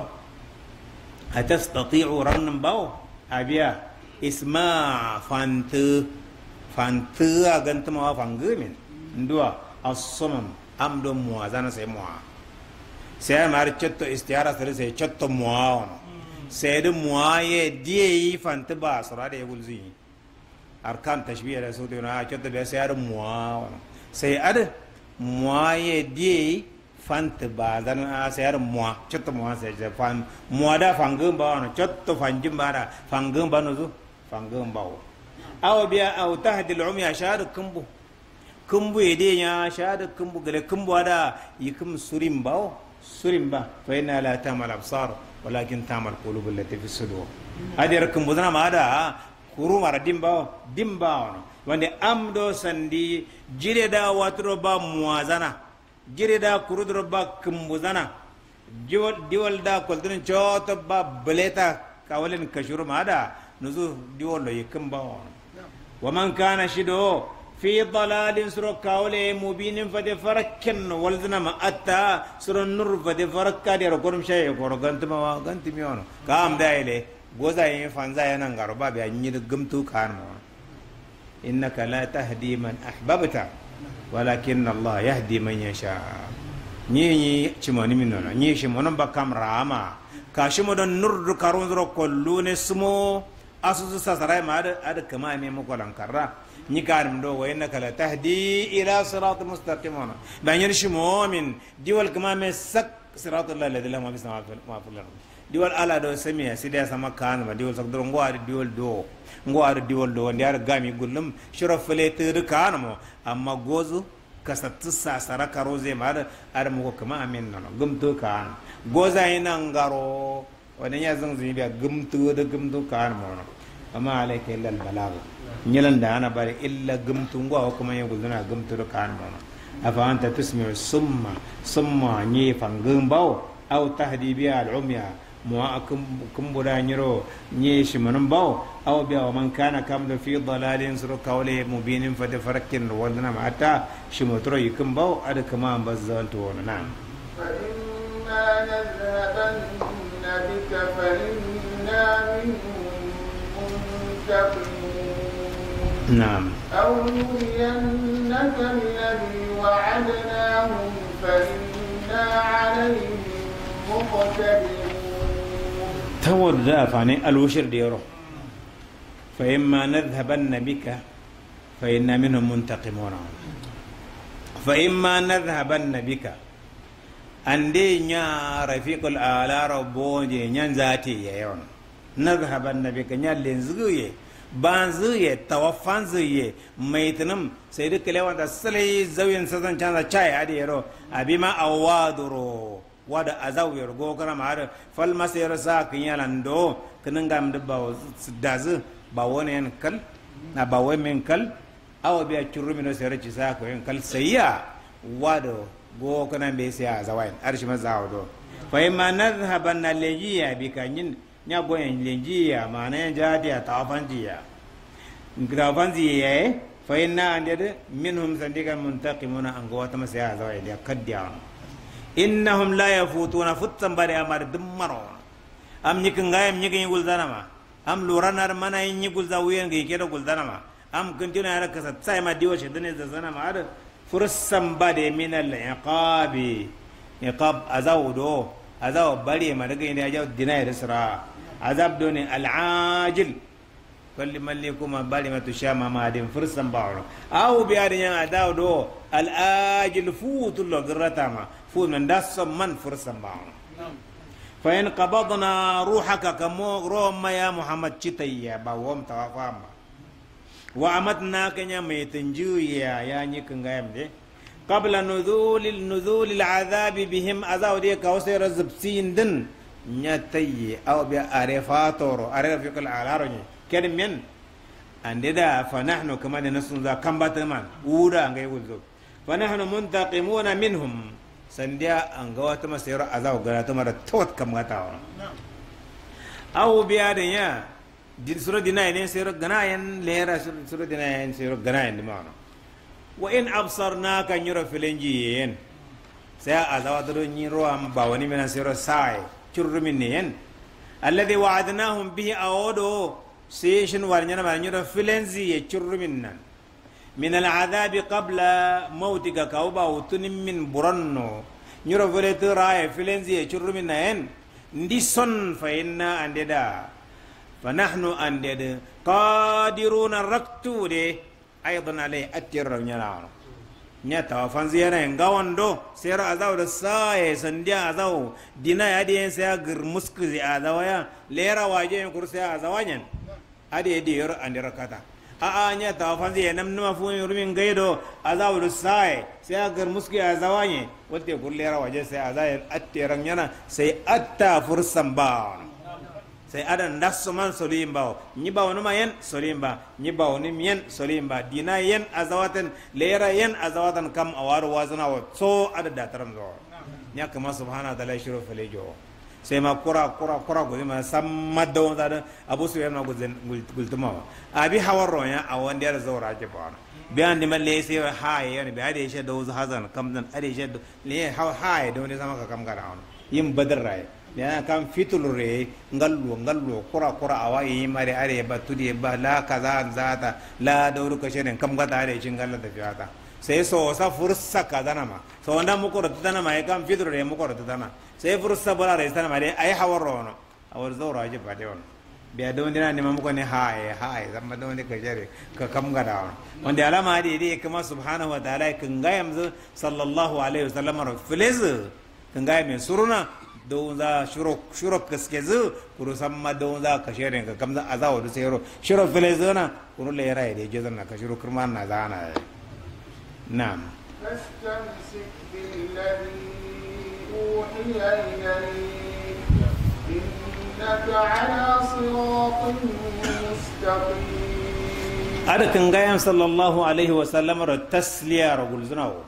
atastati'u rannan bawo abiya isma fantu fantu agantu ma fangu min ndua asumam amdo mwa zana se mwa se mar chetto istiara sare se chetto mwa ono se de mwa ye die yi fantu ba sura de gulzi arkan tashbiya da sautu na chetto be se ar mwa ono se ad mwa ye die yi fantu ba zana se ar mwa chetto mwa se fan mwa da fangu ba ono chetto fanjum ba da fangu ba no zu fangin bawo awa biya aw tahdi ya sha shahada kumbu kumbu yede nya shahada kumbu gele kumbu yi yikum surin bawo surin ba fa inna la tamal absar walakin tamal qulub allati fi sudur adir kumbu zana ma da kuru mara dimbawo wani am amdo sandi jire da watro ba muwazana jire da kurudro ba kumbuzana diwal da koldun choto ba ta kawalin kashuru ma da. nuzu ba wa wa man kana shido fi dalalin suro kaule mubinin fade farakkin walzina ma atta suro nur fade farakka de rokorum shay goro gantuma wa gantimi ka kam daile goza yin fanza yana garba ba be anyir gumtu kan mo innaka la tahdi man ahbabta walakin allah yahdi man yasha ni cimoni min nono ni ba bakam rama kashimo don nur karun zuro kollune sumo asusu sasarai ma ada ada kama me mo kolan karra ni karim do wa innaka la tahdi ila sirat mustaqim ba yin shi mu'min diwal kama me sak sirat allah alladhi lahu ma fi samawati wa diwal ala do samiya sida sama kan ba diwal sak do ngo ar diwal do ngo ar diwal do ndi gami gullum shurafale tir kan mo amma gozu kasattu sasara karo zai ma ar mo kama amin nan gum to kan goza ina ngaro zan zangzini biya gumtu da gumtu kan mono amma alayka illa albalag nyelan da ana bari illa gumtu ngwa kuma ya guduna gumtu da kan mono afa anta tusmi'u summa summa ni fangum bawo aw tahdi biya al'umya muwa bura nyiro nye shimanun bawo aw biya wa man kana da fi dalalin suru kawle mubinin fa tafarkin wadana mata shimotro yikin bawo adaka ma bazan to wannan فإما نذهبن بك فإنا منهم منتقمون نعم أو نرينك الذي وعدناهم فإنا عليهم مقتدرون تود فاني الوشر ديرو فإما نذهبن بك فإنا منهم منتقمون فإما نذهبن بك ande nya rafiqul ala rabbo je nyan zati ye yon nadhhaban nabika zuye tawafan zuye mai maitinam sai duk lewan da sale zawin sazan canza chai adi yero abima awaduro wada azawir go ma har fal masir sa kinyalan do kinangam dubba dazu ba wani yan kal na ba wai min kal awa biya curumi no sai race sa ko yan kal sayya wado go kana be se a zawain arshi ma zawo do fa imma nadhhaban lejiya bi kanyin nya go en lejiya ma na ja dia ta fanjiya ngira fanjiya fa inna andede minhum sandikan muntaqimuna an go ta ma se a zawain ya kaddiya innahum la yafutuna futtan bare amar dummaro am nyikin ngayam nyikin yugul zanama am luranar mana yin yugul zawiyan ga yake da gul zanama am kuntuna ya rakasa tsai ma diwa shedane ma ada فرسن بدي من العقاب عقاب ازودو ازو بري ما دغين يا جو دينار سرا عذاب دوني العاجل كل مليكم بالي ما تشام ما دين فرسن باور او بيارين يا داودو الاجل فوت لو غرتاما فوت من داس من فرسن باور فان قبضنا روحك كمو روم يا محمد شتى يا باوم توفاما wa amat amatna kenya maitin juya ya yi kan gaya kabla qabla nuzulil nuzulil azabi bihim azawde ka sai zubsin din nyatayi aw bi arefatoro arefiqal alaro ni ken men ande da fa kuma da nasun za kan bata man wura ngai wulzo fa nahnu muntaqimuna minhum sandiya an ga wata masayar azaw gara ta mara tot kam gata wa aw biya da ya sura dinayen sura dinayen sura na kan yura filenji yen sai a zawa da don yin ruwa ba sai currumin ne yen na ban yura filenzi ya currumin nan ndi son fa inna andeda fa nahnu da qadiruna raktude aidan alay attirra ñalaano ñattawa fansiyana en gawan do a azaw da saye sandiya azaw dina adi en saya gir muskisi azawaya lera waje en kur saya azawañen adi edi yor andira kata a'a ñattawa fansiye nam nima fu rumin gaydo azaw da saye saya gir muski azawañe wolte kur lera sai a waje saya azayen attira ñana sai a atta fursan baano sai adan dasso man solimba o nyibawo numa yen solimba nyibawo nim yen solimba dina yen azawatan lera yen azawatan kam awaru wazana wa so ada taram zo nyaka ma subhanahu wa ta'ala shiro falejo sai ma kura kura kura gudi ma samma da wanda da abu su yana gultuma ba abi hawar ronya a wanda ya zaura ke ba biyan ni malle sai ha ya ne bi ade shi da wasu hazan kam dan ade shi da ne ha ha da wanda sama ka kam gara yin badar raye ana kan fitulure ngallo ngallo kura kura awa yi mare are ba tudi ba la kaza zata la dauru shirin kam gata are cin galla fiata sai so sa fursa ka dana ma so wanda muku da dana ma kan mu muku da dana sai fursa bara da dana ma ai hawar no awar zaura ji ba dai wannan biya don dina ne mamuka ne haye haye zama don da kajare ka kam gada wanda alama da dai kuma subhanahu wa ta'ala kin ga yanzu sallallahu alaihi wasallam filis kin ga mai suruna don za shirok ka suke zu kuru san ma don za ka shere ka kamza a za wa dusa yaro shirok filai zana kuru la yara yadda jizan na ka shirok kirma na zana ya na Adakin gayan sallallahu Alaihi wasallam da tasliya ragul zunawo.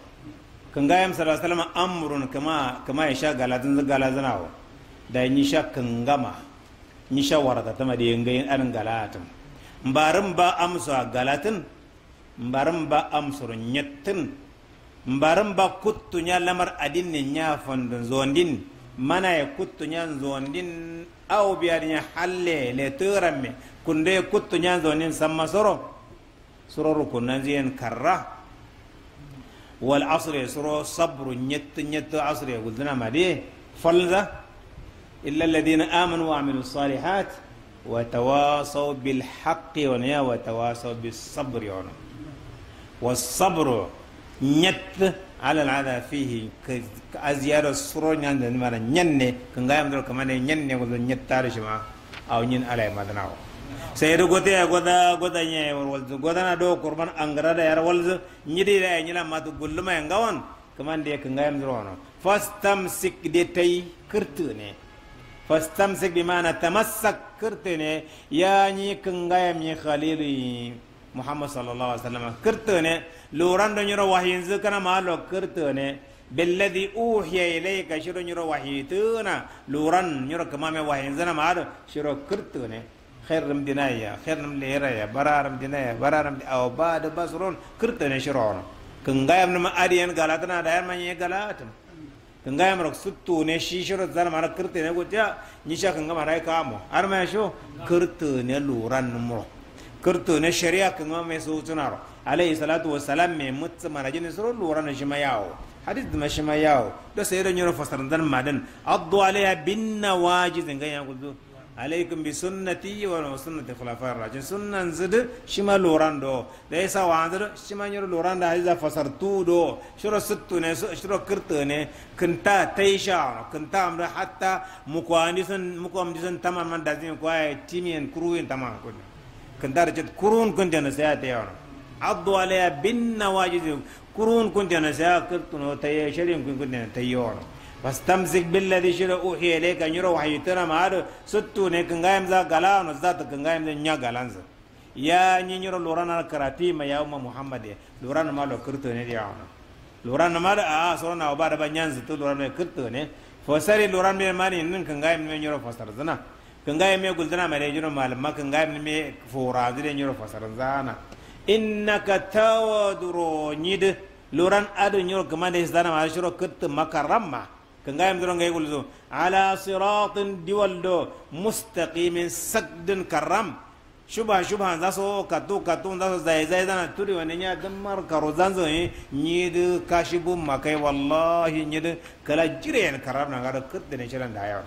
ga yam sallallahu alaihi wasallam amrun kama kama yasha galadin galazanawa da yin sha gama ni sha warata tama da yin gayin anan galatin mbarin ba amsa galatin mbarin ba amsurun yattin mbarin ba kuttu nya lamar adinnin nya fondin zondin mana ya kuttu nya zondin aw biyar nya halle le turamme kunde kuttu nya zondin samma soro soro ziyan karra والعصر يسرو صبر نيت نيت عصر قلنا ما دي فلذا إلا الذين آمنوا وعملوا الصالحات وتواصوا بالحق ونيا وتواصوا بالصبر ونيا والصبر نيت على العذا فيه أزيار السرور نيت دي مرة كنغايم دول كمان نيان نيان نيت تارش ما أو نيان على ما دناو seedo gote ya goda goda nye walzu goda na do kurban angara da yar walzu nyidi da ya nyila matu gulluma yang gawan kaman de kan gayam fastam sik de tay kirtu ne sik bi mana tamassak kirtu ne ya ni kan gayam ni khalili muhammad sallallahu alaihi wasallam kirtu ne loran do nyoro wahyin zukana malo kirtu ne بالذي أوحي إليك شرو نيرو وحيتنا لوران نيرو كمامة وحينزنا خيرم دنايا خيرم ليرايا برارم دنايا برارم او بعد بسرون كرتن شرون كنغايم نما اديان غلطنا داير من يغلطم كنغايم رك ستو ني شيشر زان مار كرتن غوتيا نيشا كنغا ماراي كامو ارما شو كرتن لوران نمرو كرتن شريعه كنغا مي سوتنارو عليه الصلاه والسلام مي مت مراجن سرون لوران شماياو حديث ما شماياو ده سيرن يرو فسرندن مادن عضوا عليها بالنواجذ غايا غدو عليكم بسنتي وسنة الخلفاء الراشدين سنة زد شما لوران دو ليس واندر شما نيرو لوران دا هذا فسر تو دو شرو ستو نه شرو كرت نه كنتا تيشا كنتا امر حتى مقواندسن مقواندسن تمام من دازين كواي تيمين كروين تمام كن كنتا رجت كرون كنت انا سياتي يعني عضوا عليها بالنواجذ كرون كنت انا سيا نو تي كنت انا fastamsik billadi shira uhiya ilayka nyuro wahayitana maado suttu ne kangayam za gala no zata kangayam za nya galanza ya nyi nyuro lorana karati ma ya umma muhammad ya lorana ma lo kirto ne ya ona lorana ma da a so na ba da ba nyanzu to lorana kirto ne fosari lorana me mani nin kangayam me nyuro fosar zana kangayam me guldana ma de nyuro malama kangayam me fora de nyuro fosar zana innaka tawadro nyid loran adu nyuro kamande isdana ma shiro kirt makaramma كنغايم درون غاي قولزو على صراط دولدو مستقيم سد كرم شبه شبه زاسو كتو كتو زاسو زاي زاي زانا توري ونيا دمر كارو زانزو نيد كاشبو مكاي والله نيد كلا جرين كرام نغار كرت نشرن دايون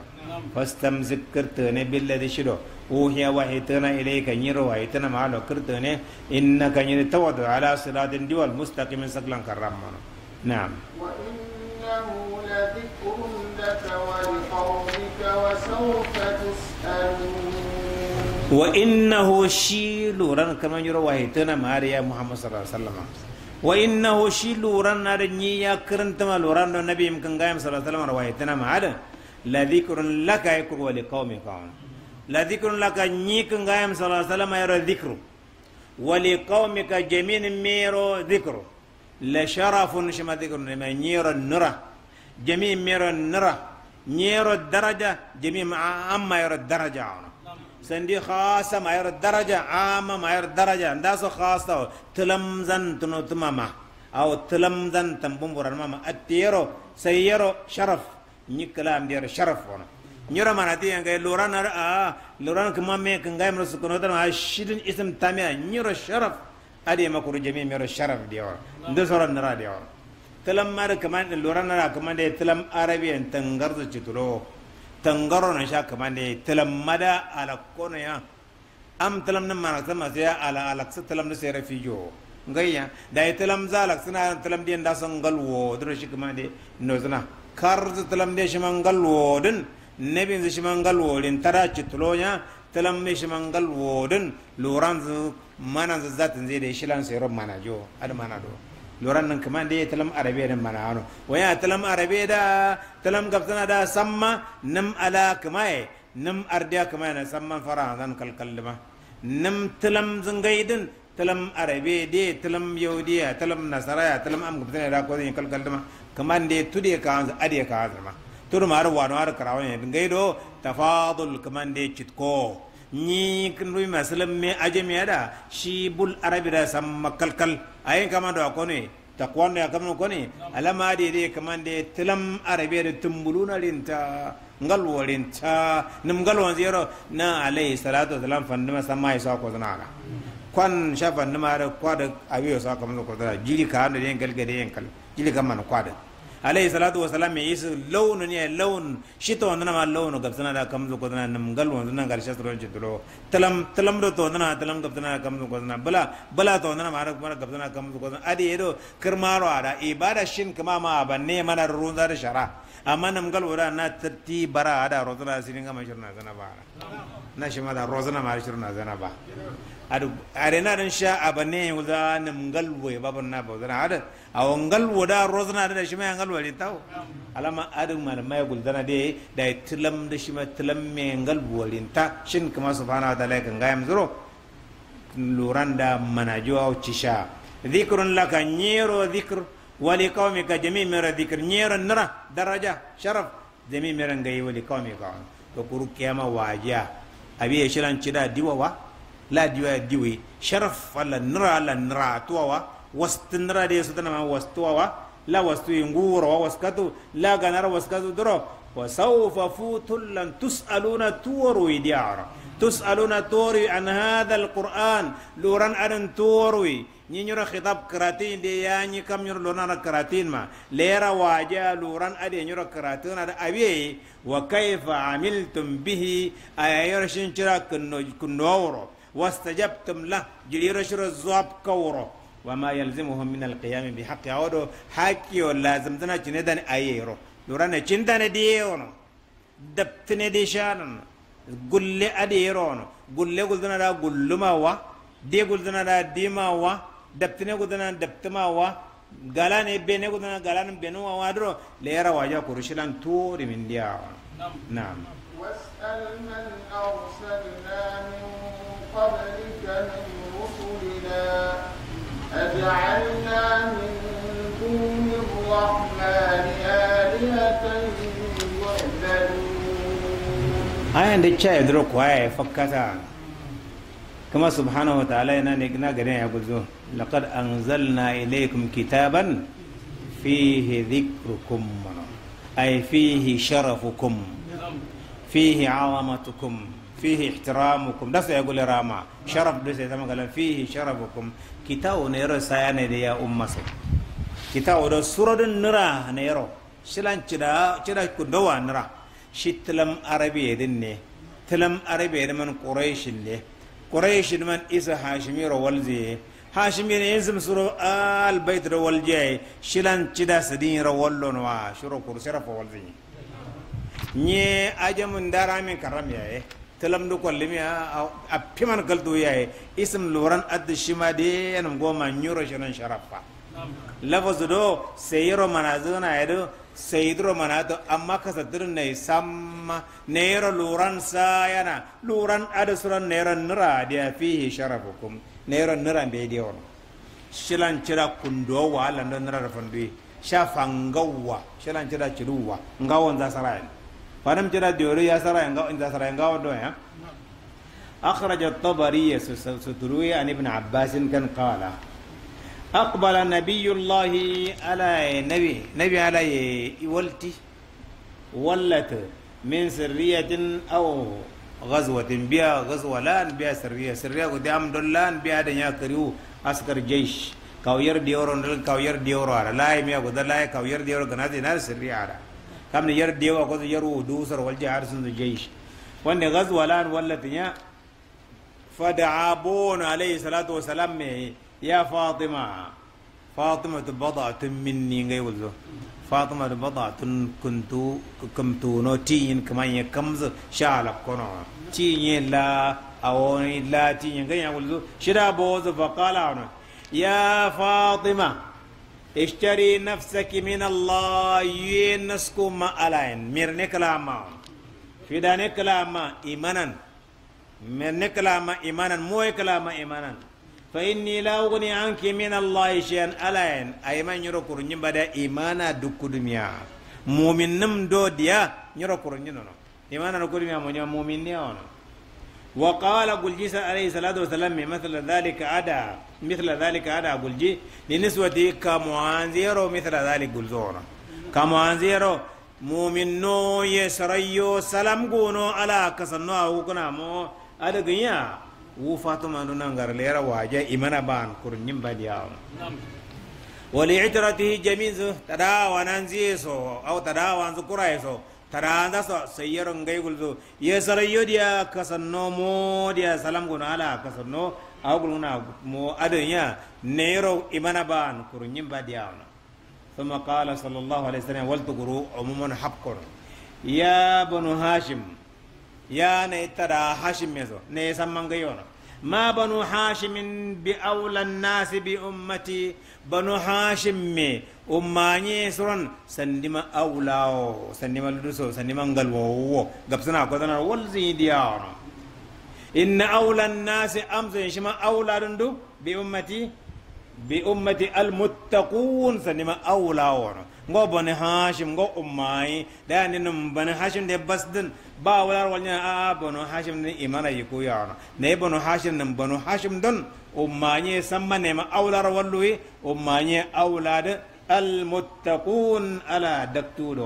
فاستمسك كرتني بالذي شدو وهي وحيتنا إليك نيرو وحيتنا معلو كرتني إنك نيد تود على صراط دول مستقيم سكلا كرم نعم وإن إنه لذكر لك ولقومك وسوف تسألون وإنه شي لوران كما يروي وهيتنا ماريا محمد صلى الله عليه وسلم وإنه شي لوران نارني يا كرنتما لوران النبي يمكن قائم صلى الله عليه وسلم وهيتنا معنا لذكر لك يكون ولقومك لذكر لك نيك قائم صلى الله عليه وسلم يرى ذكر ولقومك جميل ميرو ذكره لشرف شما ذكر نيرو النرى جميع ميرو النرى نيرو الدرجة جميع عما يرو الدرجة عنا سندي خاصة ما يرو الدرجة عامة ما يرو الدرجة داسو خاصة تلمزن تنوتماما أو تلمزن تنبوم تنبمبر ماما أتيرو سيرو شرف نيكلام دير شرف عنا nyura ما yang عنك يعني لوران ada luran kemame kengai merusukun hotel asyidin اسم tamia nyura شرف ade makuru jami mero sharaf dewa. or nda soran nara dewa. or talam mar kaman lura nara kaman de talam arabian tangarzo citulo tangaro na sha kaman de talam mada ala kono ya am talam na mara sama sai ala ala sa talam na sai rafijo ngayya da ya talam zalak suna talam de nda san galwo dro shi kaman de no zana karzo talam de shi man galwo din nebin shi man galwo din tara chitulo ya talam me shi man galwo din loran mana za zatin zai da shilan sai rob mana jo ad mana do loran nan kuma da talam arabe da mana hano waya talam arabe da talam gabtana da samma nam ala kuma nam ardiya kuma na samman fara zan kalkalma nam talam zungaidin talam arabe de talam yahudiya talam nasaraya talam am gabtana da ko zan kalkalma kuma da tudi ka an adiya ka hanzu ma tur ma har wano har karawa ne gaido tafadul kuma da chitko ni lui masalam me ajami ada shi bul arabi da sam makalkal ayin kama da kone takwan da kama ne alama de de kama de tilam arabi da tumbuluna rinta ngalwo rinta nim galwan zero na alayhi salatu wasalam fandima sama isa ko zanaka kwan shafa nima da kwada abiyo sa kama ko zara jiri ka handa de ngal gade yankal jiri kama na kwada alayhi salatu wa salam yis lawnun ya lawn shito wanda ma launu lawnu na da kamzu ko dana nan gal wanda nan garsha sura je tulo talam talam do to na talam na da kamzu ko dana bala bala to dana mara mara gabsana kamzu ko dana adi yedo kirmaro ada ibada shin kama ma banne mana runza da shara amma nan gal wada na tatti bara ada rozana sirin ga mashirna zana ba na shi ma da rozana ma shirna zana ba are na dan sha abane wuda nem na babanna bawdana aɗa awo ngalwoɗa rosana aɗa da shi mai ya ne taw alama aɗa malamaya guldana de da tilam da shi mai tilam me ngalwarinta shin kuma subhanahu wa taala kan gayam zuro luranda manajo aw cisha dhikrun laka nyero dhikr wali ka jami mera dhikr nyero nara daraja sharaf jami mera ngayi wali qawmika to kuru kiyama waja abi shiran cida diwawa لا ديو ديوي شرف ولا نرا على نرا توا وسط نرا دي سدنا ما وسط توا لا وسط ينغور وسكتو لا غنار وسكتو درو وسوف فوت لن تسألون توروي ديارا تسألون توروي عن هذا القرآن لوران أن توروي ني نينيرا خطاب كراتين دي يعني كم يور لوران كراتين ما ليرا واجا لوران أدي نيرا كراتين هذا أبي وكيف عملتم به أيرشين شرا كنو كنورو واستجبتم له جلي رشر الزواب كورو وما يلزمهم من القيام بحق عودو حكيو ولازم دنا جندن أيرو يورانا جندن ديونو دبتن ديشانن قل لي أديرونو قل لي قلتنا لا قل ما وا دي قلتنا لا دي ما وا دبتن قلتنا دبت ما وا galaan ebbeen eegutan galaan وا وادرو ليرا واجا kurushilan tuuri من diyaa نعم. نعم واسأل من أرسلنا من قبلك من رسلنا أجعلنا من دون الرحمن آلهة يعبدون أين دي تشاي دروك واي كما سبحانه وتعالى نجنا جنا يقولون لقد أنزلنا إليكم كتابا فيه ذكركم أي فيه شرفكم فيه عظمتكم fihi ihtiramukum da ya gule rama sharaf da ya zama galan fihi sharafukum kitawo ne yaro saya ne da ya ummasa kitawo da suradun nira na yaro shilan cida cida kundawa nira shi tilam ya din ne tilam arabi ya man quraishin ne quraishin man isa hashimi rawalzi hashimi ne yanzu suro al da rawalji shilan cida sidin rawallon wa shuru kursira fa walzi nye ajamun min karam yaye telamdo kolle mi a piman galdo yaye ism loran adda shima de enam goma nyuro shanan sharafa. lafazu do seyiro manazo na yedo seyidro manato amma kasadir ne samma neyiro loran sayana loran ada suran neyiro nira dia fihi sharafukum neyiro nira be dia ono shilan cira kundo wa lando nira rafandui sha wa shilan cira ciruwa ngawon zasarayen فنم جرا ديوري يا سرا ينغا إن سرا ينغا ودو يا أخرج الطبري ستروي عن ابن عباس كان قال أقبل نبي الله على نبي نبي على ولتي ولت من سرية أو غزوة بها غزوة لان بها سرية سرية قدام دولان بها دنيا كريو أسكر جيش كاوير ديورون كاوير ديورو على لا يميا قد لا كاوير ديورو كنادي نار سرية على كم ne ديو dewa ko yaru dusar wal الجيش وان jaysh wanda ghazwa lan wallatinya بون عليه الصلاة والسلام يا فاطمة فاطمة بضعة مني غيول فاطمة بضعة كنت كمت نوتين كما يكمز شالب كنا تين لا أوني لا تين غيول شرا شرابوز فقال يا فاطمة اشتري نفسك من الله ينسكو ما ألاين ميرني كلاما في داني كلاما إيمانا ميرني كلاما إيمانا موي كلاما إيمانا فإني لا أغني عنك من الله شيئا ألاين أيمن يركور نبدا إيمانا دكو دميا مؤمن نم دو ديا يركور نينو إيمانا نكو دميا مؤمن نيا وقال قلجي عليه الصلاة والسلام مثل ذلك أدا مثل ذلك أدا قلجي لنسوة كموانزيرو مثل ذلك قلزونا كموانزيرو مؤمنو يسريو سلام قونو على كسنو أوكنا مو أدا قنيا وفاتو ما ننغر ليرا واجا إمانا بان كرنين بدياو ولعترته جميز تداوى ننزيسو أو تداوى نذكرايسو gulzo ya ngaygulso da ya kasanno salam salamgono ala kasanno mu mo adoya nero imana ban koro ba diyawno summa qala sall llahu alayhi wa sallam waltuguru omumon habkono ya banu hashim ya ney tara hashim meso neye sammangayono ma banu hashimin bi awla nasi bi ummati banu me umanye suran sandima awlao sandima luduso sandima ngalwowo gabsana kodana walzi diyano in aula nasi yin shima aula dundu bi ummati bi ummati almuttaqun sandima awlao ngo bani hashim ngo ummai da ni num bani hashim de basdin ba wala wani a ah, bani hashim ni imana yiku yana ne bani hashim nin bani hashim don ummanye samma ne ma aular walluyi ummanye aulad al muttaqun ala daktu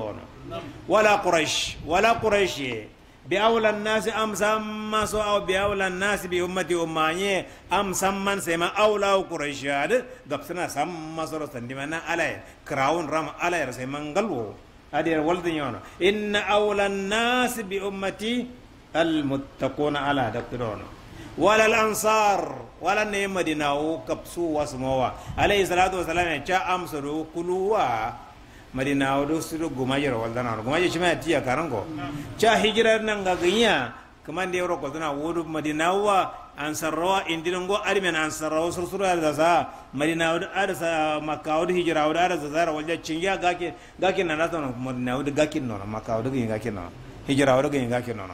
wala quraish wala quraish بأولى الناس أم سما سو أو بأولى الناس بأمتي أمانية أم سما سما أولى قريشاد دبسنا سما سو سندمنا علي كراون رم علي رسي قلو هذه الولد يونا إن أولى الناس بأمتي المتقون على دكتورون ولا الأنصار ولا نيم مدينة كبسو واسموا عليه الصلاة والسلام جاء أمسرو كلوا marina wadu suru gumajar waldana wadu gumajar shima tiya karango cha hijira ga ganya kaman de ko tana wudu madina wa ansarrawa indinango arimen ansarrawa suru suru da sa marina wadu ada sa makka wadu hijira wadu ada za zara walja chingia gake gake na nasa no na wadu gake no makka wadu ginya gake no hijira wadu ginya um, gake no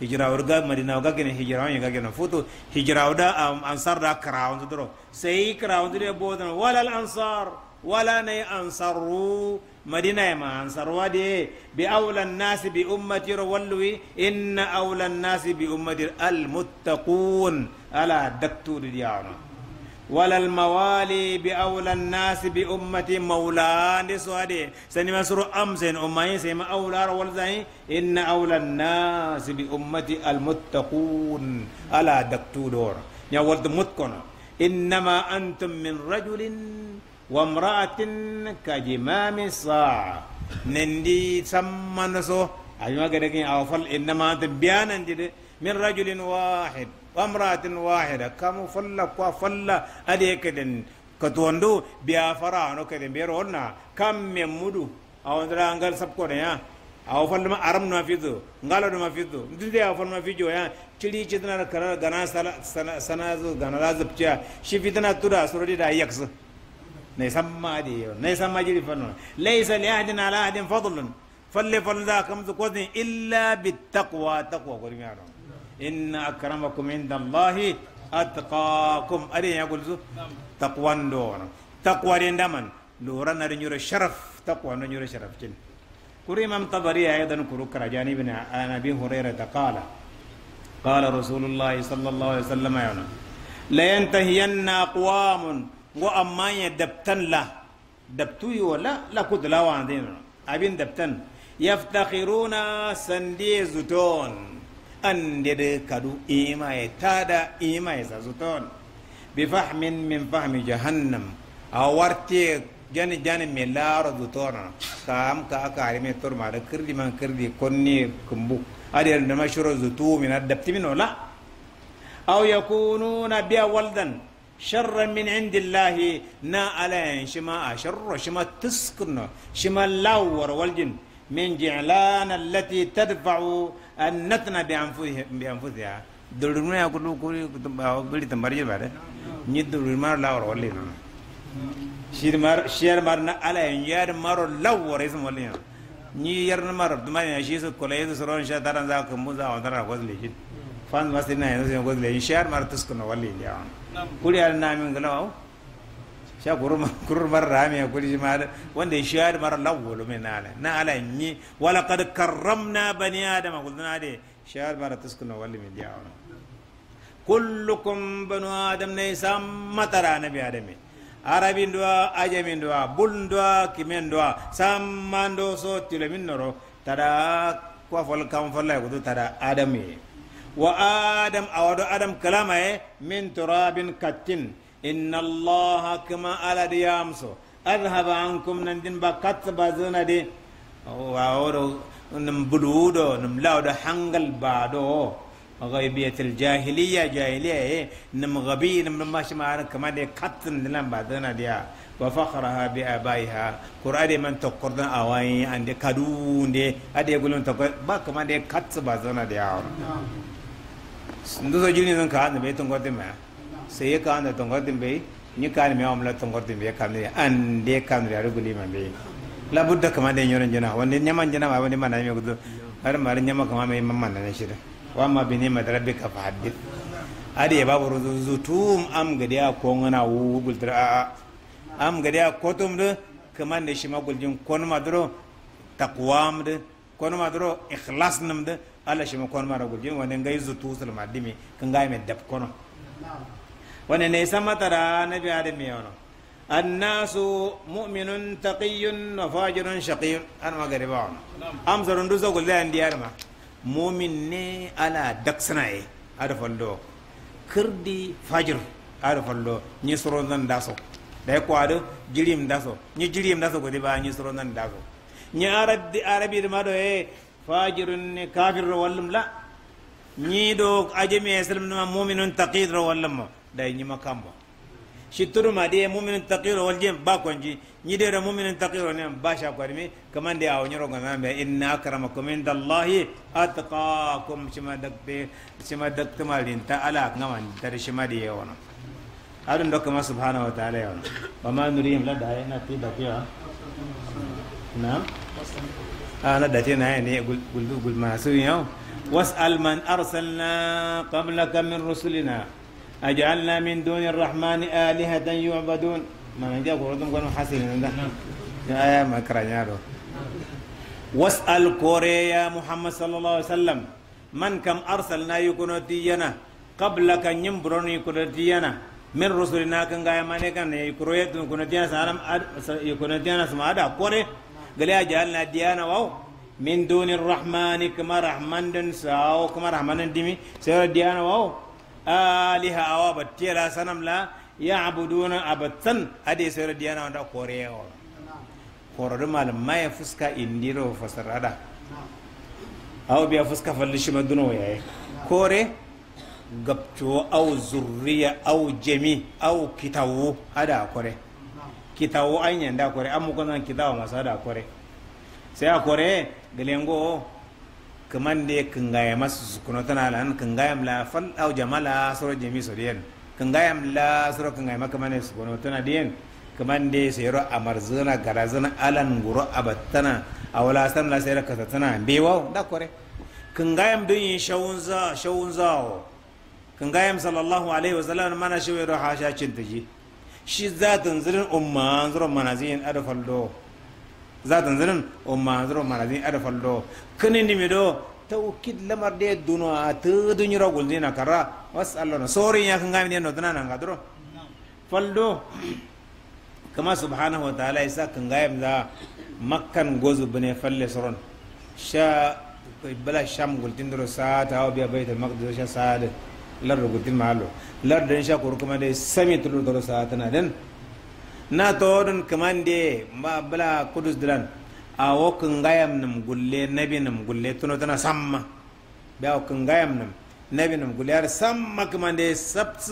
hijira wadu ga na wadu gake ne hijira wadu gake no futu hijira wadu ansar da krawon duro sai krawon duro bodan walal ansar ولا ني أنصروا مدينة ما أنصروا دي بأولى الناس بأمة رولوي إن أولى الناس بأمة المتقون ألا دكتور ديانا ولا الموالي بأولى الناس بأمة مولان سوادي سني مسرو أمسن أمين سيما أولى رولزين إن أولى الناس بأمة المتقون ألا دكتور يا ولد متقون إنما أنتم من رجل wa mra'atin ka jimami sa'a nindi sammano so ajuma gada kin awfal innama anta biyanan jide min rajulin wahid wa mra'atin wahida kamu falla kwa falla ade kaden katondo biya fara no kaden bero onna kam memudu awndra angal sabko ne ya awo falluma aram no fido ngalo no fido ndide awo falluma fijo ya tili chitna kana gana sana sana zo gana lazapcha shi tura da نسمى دي نسمى جري فنون ليس لأحد على أحد فضل فل فل ذاك مذكوذن إلا بالتقوى تقوى قرمي عرم إن أكرمكم عند الله أتقاكم أرين يقول تقوى دور تقوى دمن دورا نرنجور الشرف تقوى نرنجور الشرف جن كوري إمام طبري أيضا كورو كرجاني بن أبي هريرة قال قال رسول الله صلى الله عليه وسلم يوم لينتهين أقوام amma ya daftan la yi wala la ku da lawa ne abin dabtan na sande zuton andede kadu ima ya tada ima ya zuton bi fahmin min fahmi jahannam a warte jani jani me laaro zutona kaam ka turma da kirdi man kirdi kunni kumbu da ndema shuro zutu min a dabtimin wala aw yakununa biya waldan sharran min indillahi na alayan shima a sharro shima tuskuna shima lawar waljin min ji'lan allati tadfa'u an natna bi anfusiha dulurma ya kuri al namin galaw sha kurmar rami rami kuri ma wanda shiyar mara lawulu min ala na ala yi wala karam karramna bani adam qulna de shiyar mara tuskuna wal min wani kullukum banu adam ne na bi adam arabin duwa ajamin duwa bulun duwa kimen duwa mando so tilo min noro tada kwa fol kam fol la kudu tada adam وآدم أو آدم كلامه من تراب كتن إن الله كما على ديامسو أذهب عنكم نندن بكت بزنا دي وأورو نمبلودو نملاودو حنقل بعدو غيبية الجاهلية جاهلية نم غبي نم ماشي معنا كمان دي كتن لنا بزنا ديا وفخرها بآبائها قرآن من تقرن أوين عند كدون دي أدي يقولون تقر با ما دي كتن بعدنا ديا nduso jili nung kaa nabe tungkor se ye kaa na tungkor timbe ni kaa nime omla tungkor an de ande kamne aru guli mambe la buddha kama de nyoran jana wande nyama jina ma wani mana me gudu ar mari nyama kama me mamma na ne shira wa ma bi ne madara be ka fahaddit ade babu ruzutum am gade a ko ngana wu gultra a am gade a ko tum de kama ne shima guljin kon madro taqwam de kon madro ikhlas nam de ala shi makon mara gudin wani ngai zutu sul dimi kan ga men dab kono wani ne san matara na biya da me yono annasu mu'minun taqiyyun wa fajirun shaqiyyun an magariba wono am zarun du zagul da an diyar ma mu'min ne ala daksana yi fallo kirdi fajir ada fallo ni soro zan daso da ya kwado jirim daso ni jirim daso gudi ba ni soro zan daso ni arabi arabi da mado fajirun ne kafir ro wallum la ñiiɗo ajami e sallam numa muminun taqir ro wallum mo day ñima kambo sitturuma ma de muminun taqir o wal jim ba de ñiɗeɗo muminun taqir sha ko bacha kaman kamande awo nyoro ñorogonamɓe inna akramakum indallahi inde allahi dakbe sima dakta malin ta ala gaman tari de e adun aɗum ma subhanahu wa taala e ono wama nurihim ladda ayna tidatiya nam أنا داتينا يعني قل قل قل ما سويهم واسأل من أرسلنا قبلك من رسلنا أجعلنا من دون الرحمن آلهة يعبدون ما من جاب قردم قلنا حسين ده نعم. آه، يا ما كرنيارو واسأل كوريا محمد صلى الله عليه وسلم من كم أرسلنا يكون دينا قبلك نمبرون يكون دينا من رسلنا كان غاية مانيكا يكون دينا سعلم يكون دينا هذا كوريا gale a jalna diyana waw min duni rahmani kuma rahman din sawo kuma rahmanin dimi sai diyana waw aliha awa battiyala sanam la ya abuduna abattan ade sai diyana wanda korewa korodu malamma ya fuska indiro fasarada aw biya fuska fallishi maduno yaye kore gabto aw zurriya aw jami aw kitawu hada kore kitawo añen da kore amu konan kitawo masa da kore sai a kore gelengo kamande kingaya masu sukuna tana lan kingayam la fal au jamala soro jami so diyen kingayam la soro kingayam kamane sukuno tana diyen kamande a amarzana garazana alan nguro a awala san la sayra kasatana bewa da kore kingayam dun yin shawunza shawunzawo kingayam sallallahu alaihi wasallam mana shawiro hasha cintaji shi zaten zirin umma zuro manazin ada faldo zaten zirin umma zuro manazin ada faldo kini nimi do tawkid lamar de duno a te dunyi ro gulzina kara was allah sori ya kan gami no dana nga duro faldo kama subhanahu wa ta'ala isa kan gayam da makkan gozu bane falle soron sha bala sham gultin duro sa ta biya baitul maqdis sha sa'ad lardo gutin mahalo lardo sha kuru kuma de sami tulur doro tana dan na to don kamande ma bala kudus dilan a wokin gayam nam gulle nabi nam gulle tuno tana samma ba wokin gayam nam nabi nam gulle har samma kamande sabt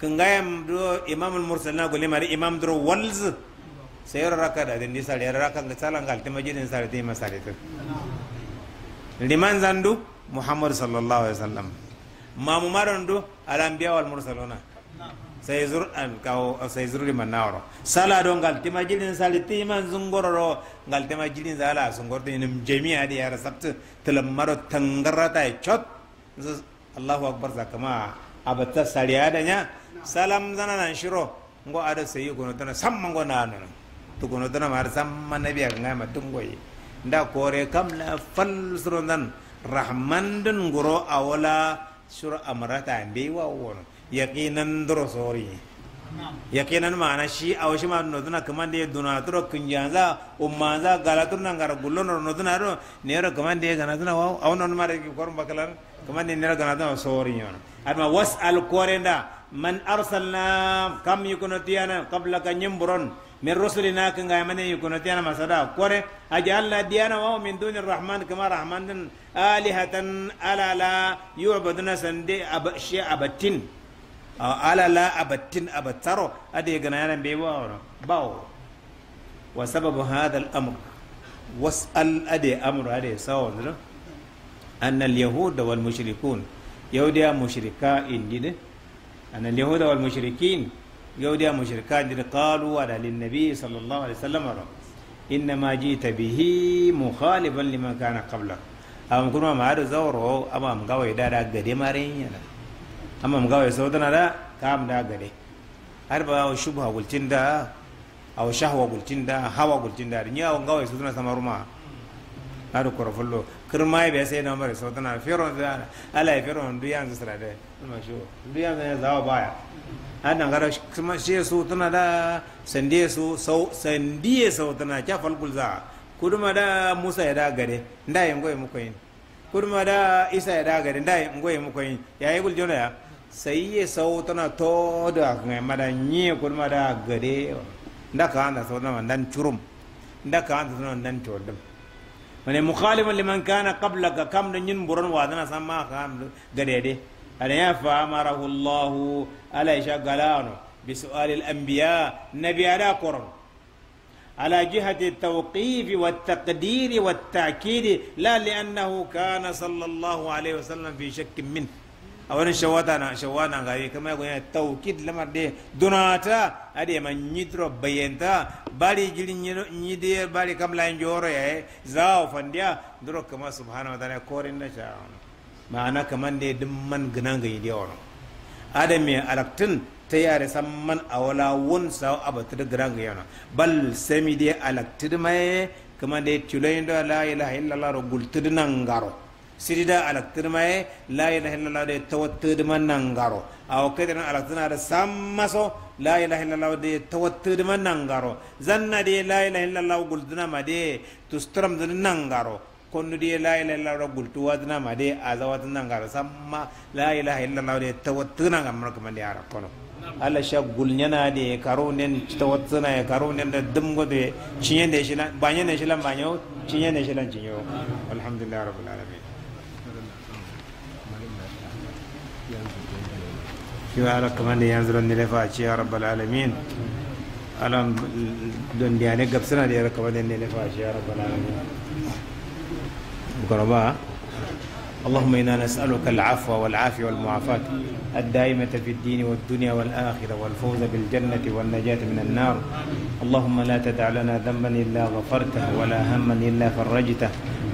kin gayam do imam al mursal na gulle mari imam doro walz sai raka da raka ga salan liman zandu muhammad sallallahu alaihi wasallam mamumaɗon du ala mbiya wal mursaluna sayzur an kaw sayzur zurɗi man nawro sala do ngal timajili jilin sali timan zungororo ngal tema jilin sala jemiya jami ya rasat tilam maro tangarata e cot allahu akbar sakama abatta sali aɗaña salam zananan shiro ngo ada sayi gono tana samma ngo nanono to gono tana maɗa samma nabi ak ngama tungoyi nda kore kam la fal soro nan rahmanden ngoro a sura amarata ambewa wono yaqinan doro sori yaqinan mana shi awshi ma no duna kamande duna toro kunjanza ummanza galatur nangara gullo no no duna ro nero kamande gana duna wa awnon mare ki korum bakalar kamande nero gana duna sori yono adma wasal korenda man arsalna kam yukunatiyana qablaka nyimburon من رسلنا كن من يكون تيانا مسدا كوري أجعلنا ديانا وهو من دون الرحمن كما رحمن آلهة ألا لا يعبدنا سندي أبشي أبتين آه، ألا لا أبتين أبترو أدي غنانا بيوار باو وسبب هذا الأمر واسأل أدي أمر أدي سوى أن اليهود والمشركون يهوديا مشركا إن أن اليهود والمشركين yau da mu shirka ni da kalu wa da lin sallallahu alaihi wa sallam ra inna ma ji ta bihi mu khaliban liman kana qabla am kun ma hada zawro am am da gade mare ya na am am gawa sai da ka da gade har ba wa shubha gultin da aw shahwa gultin da hawa gultin da ni yawo gawa sai wadana samaruma haru korofullo kar mai be na mare sai wadana da ala firon duyan zisra da ma sho duyan zawa baya a dangara shesu tana da sandiye su sandiye sau tuna kya falkulza kuduma da musa ya da nda yin goyi muku yin kuduma da isa ya da nda yin goyi ya yi gul jona ya sai ye sau tuna to da ngai mada nye kuduma da gare nda ka da sau tuna dan churum nda ka anda tuna dan chodum mane mukhalifan liman kana qablaka kam da nyin buron wadana samma kam gade de أنا فأمره الله على شغلانه بسؤال الأنبياء نبي على قرن على جهة التوقيف والتقدير والتأكيد لا لأنه كان صلى الله عليه وسلم في شك منه أولا شواتنا شوانا غاي كما يقول يعني التوكيد لما دي دوناتا أدي من نيترو بينتا بالي جلي نيدي بالي كم لا ينجوري إيه؟ زاو فانديا درو كما سبحانه وتعالى كورين شاونا ma'ana kaman ne duk man ginan ga yidi wani adam ya alaktin ta yare san man a wala wun sa da ginan ga yana bal sami dai alaktir mai kaman dai tiloyin da la ilaha illallah ro gultir nan garo sirida alaktir mai la ilaha illallah da tawattir man nan garo a wakai da alaktir na da san maso la ilaha illallah da tawattir man nan garo zanna dai la ilaha illallah gultina ma dai tusturam da nan garo konnu de la ilaha illallah gultu wadna ma de azawatna ngara samma la ilaha illallah de tawatna ngam marko man de ara kono alla sha nyana de karo nen tawatna e karo nen da dumgo de cinye de shila banye ne shila banyo cinye ne shila cinyo alhamdulillah rabbil alamin ki wa ala kamande yanzu ran ne fa ci ya rabbal alamin alam don biya ne gabsana da ya rakamade ne fa ci ya rabbil alamin بكرباء اللهم إنا نسألك العفو والعافية والمعافاة الدائمة في الدين والدنيا والآخرة والفوز بالجنة والنجاة من النار اللهم لا تدع لنا ذنبا إلا غفرته ولا هما إلا فرجته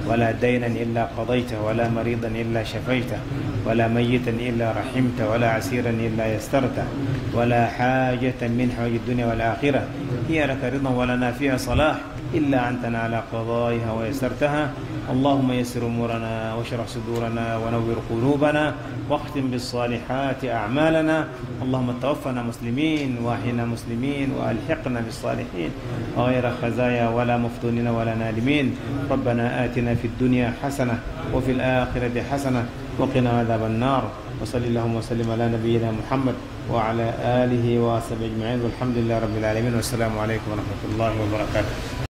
ولا دينا إلا قضيته ولا مريضا إلا شفيته ولا ميتا إلا رحمته ولا عسيرا إلا يسترته ولا حاجة من حوائج الدنيا والآخرة هي لك رضا ولنا فيها صلاح إلا أن تنال قضائها ويسرتها اللهم يسر أمورنا واشرح صدورنا ونور قلوبنا واختم بالصالحات أعمالنا اللهم توفنا مسلمين واحنا مسلمين وألحقنا بالصالحين غير خزايا ولا مفتونين ولا نادمين ربنا آتنا في الدنيا حسنة وفي الآخرة حسنة وقنا عذاب النار وصل اللهم وسلم على نبينا محمد وعلى آله وصحبه أجمعين والحمد لله رب العالمين والسلام عليكم ورحمة الله وبركاته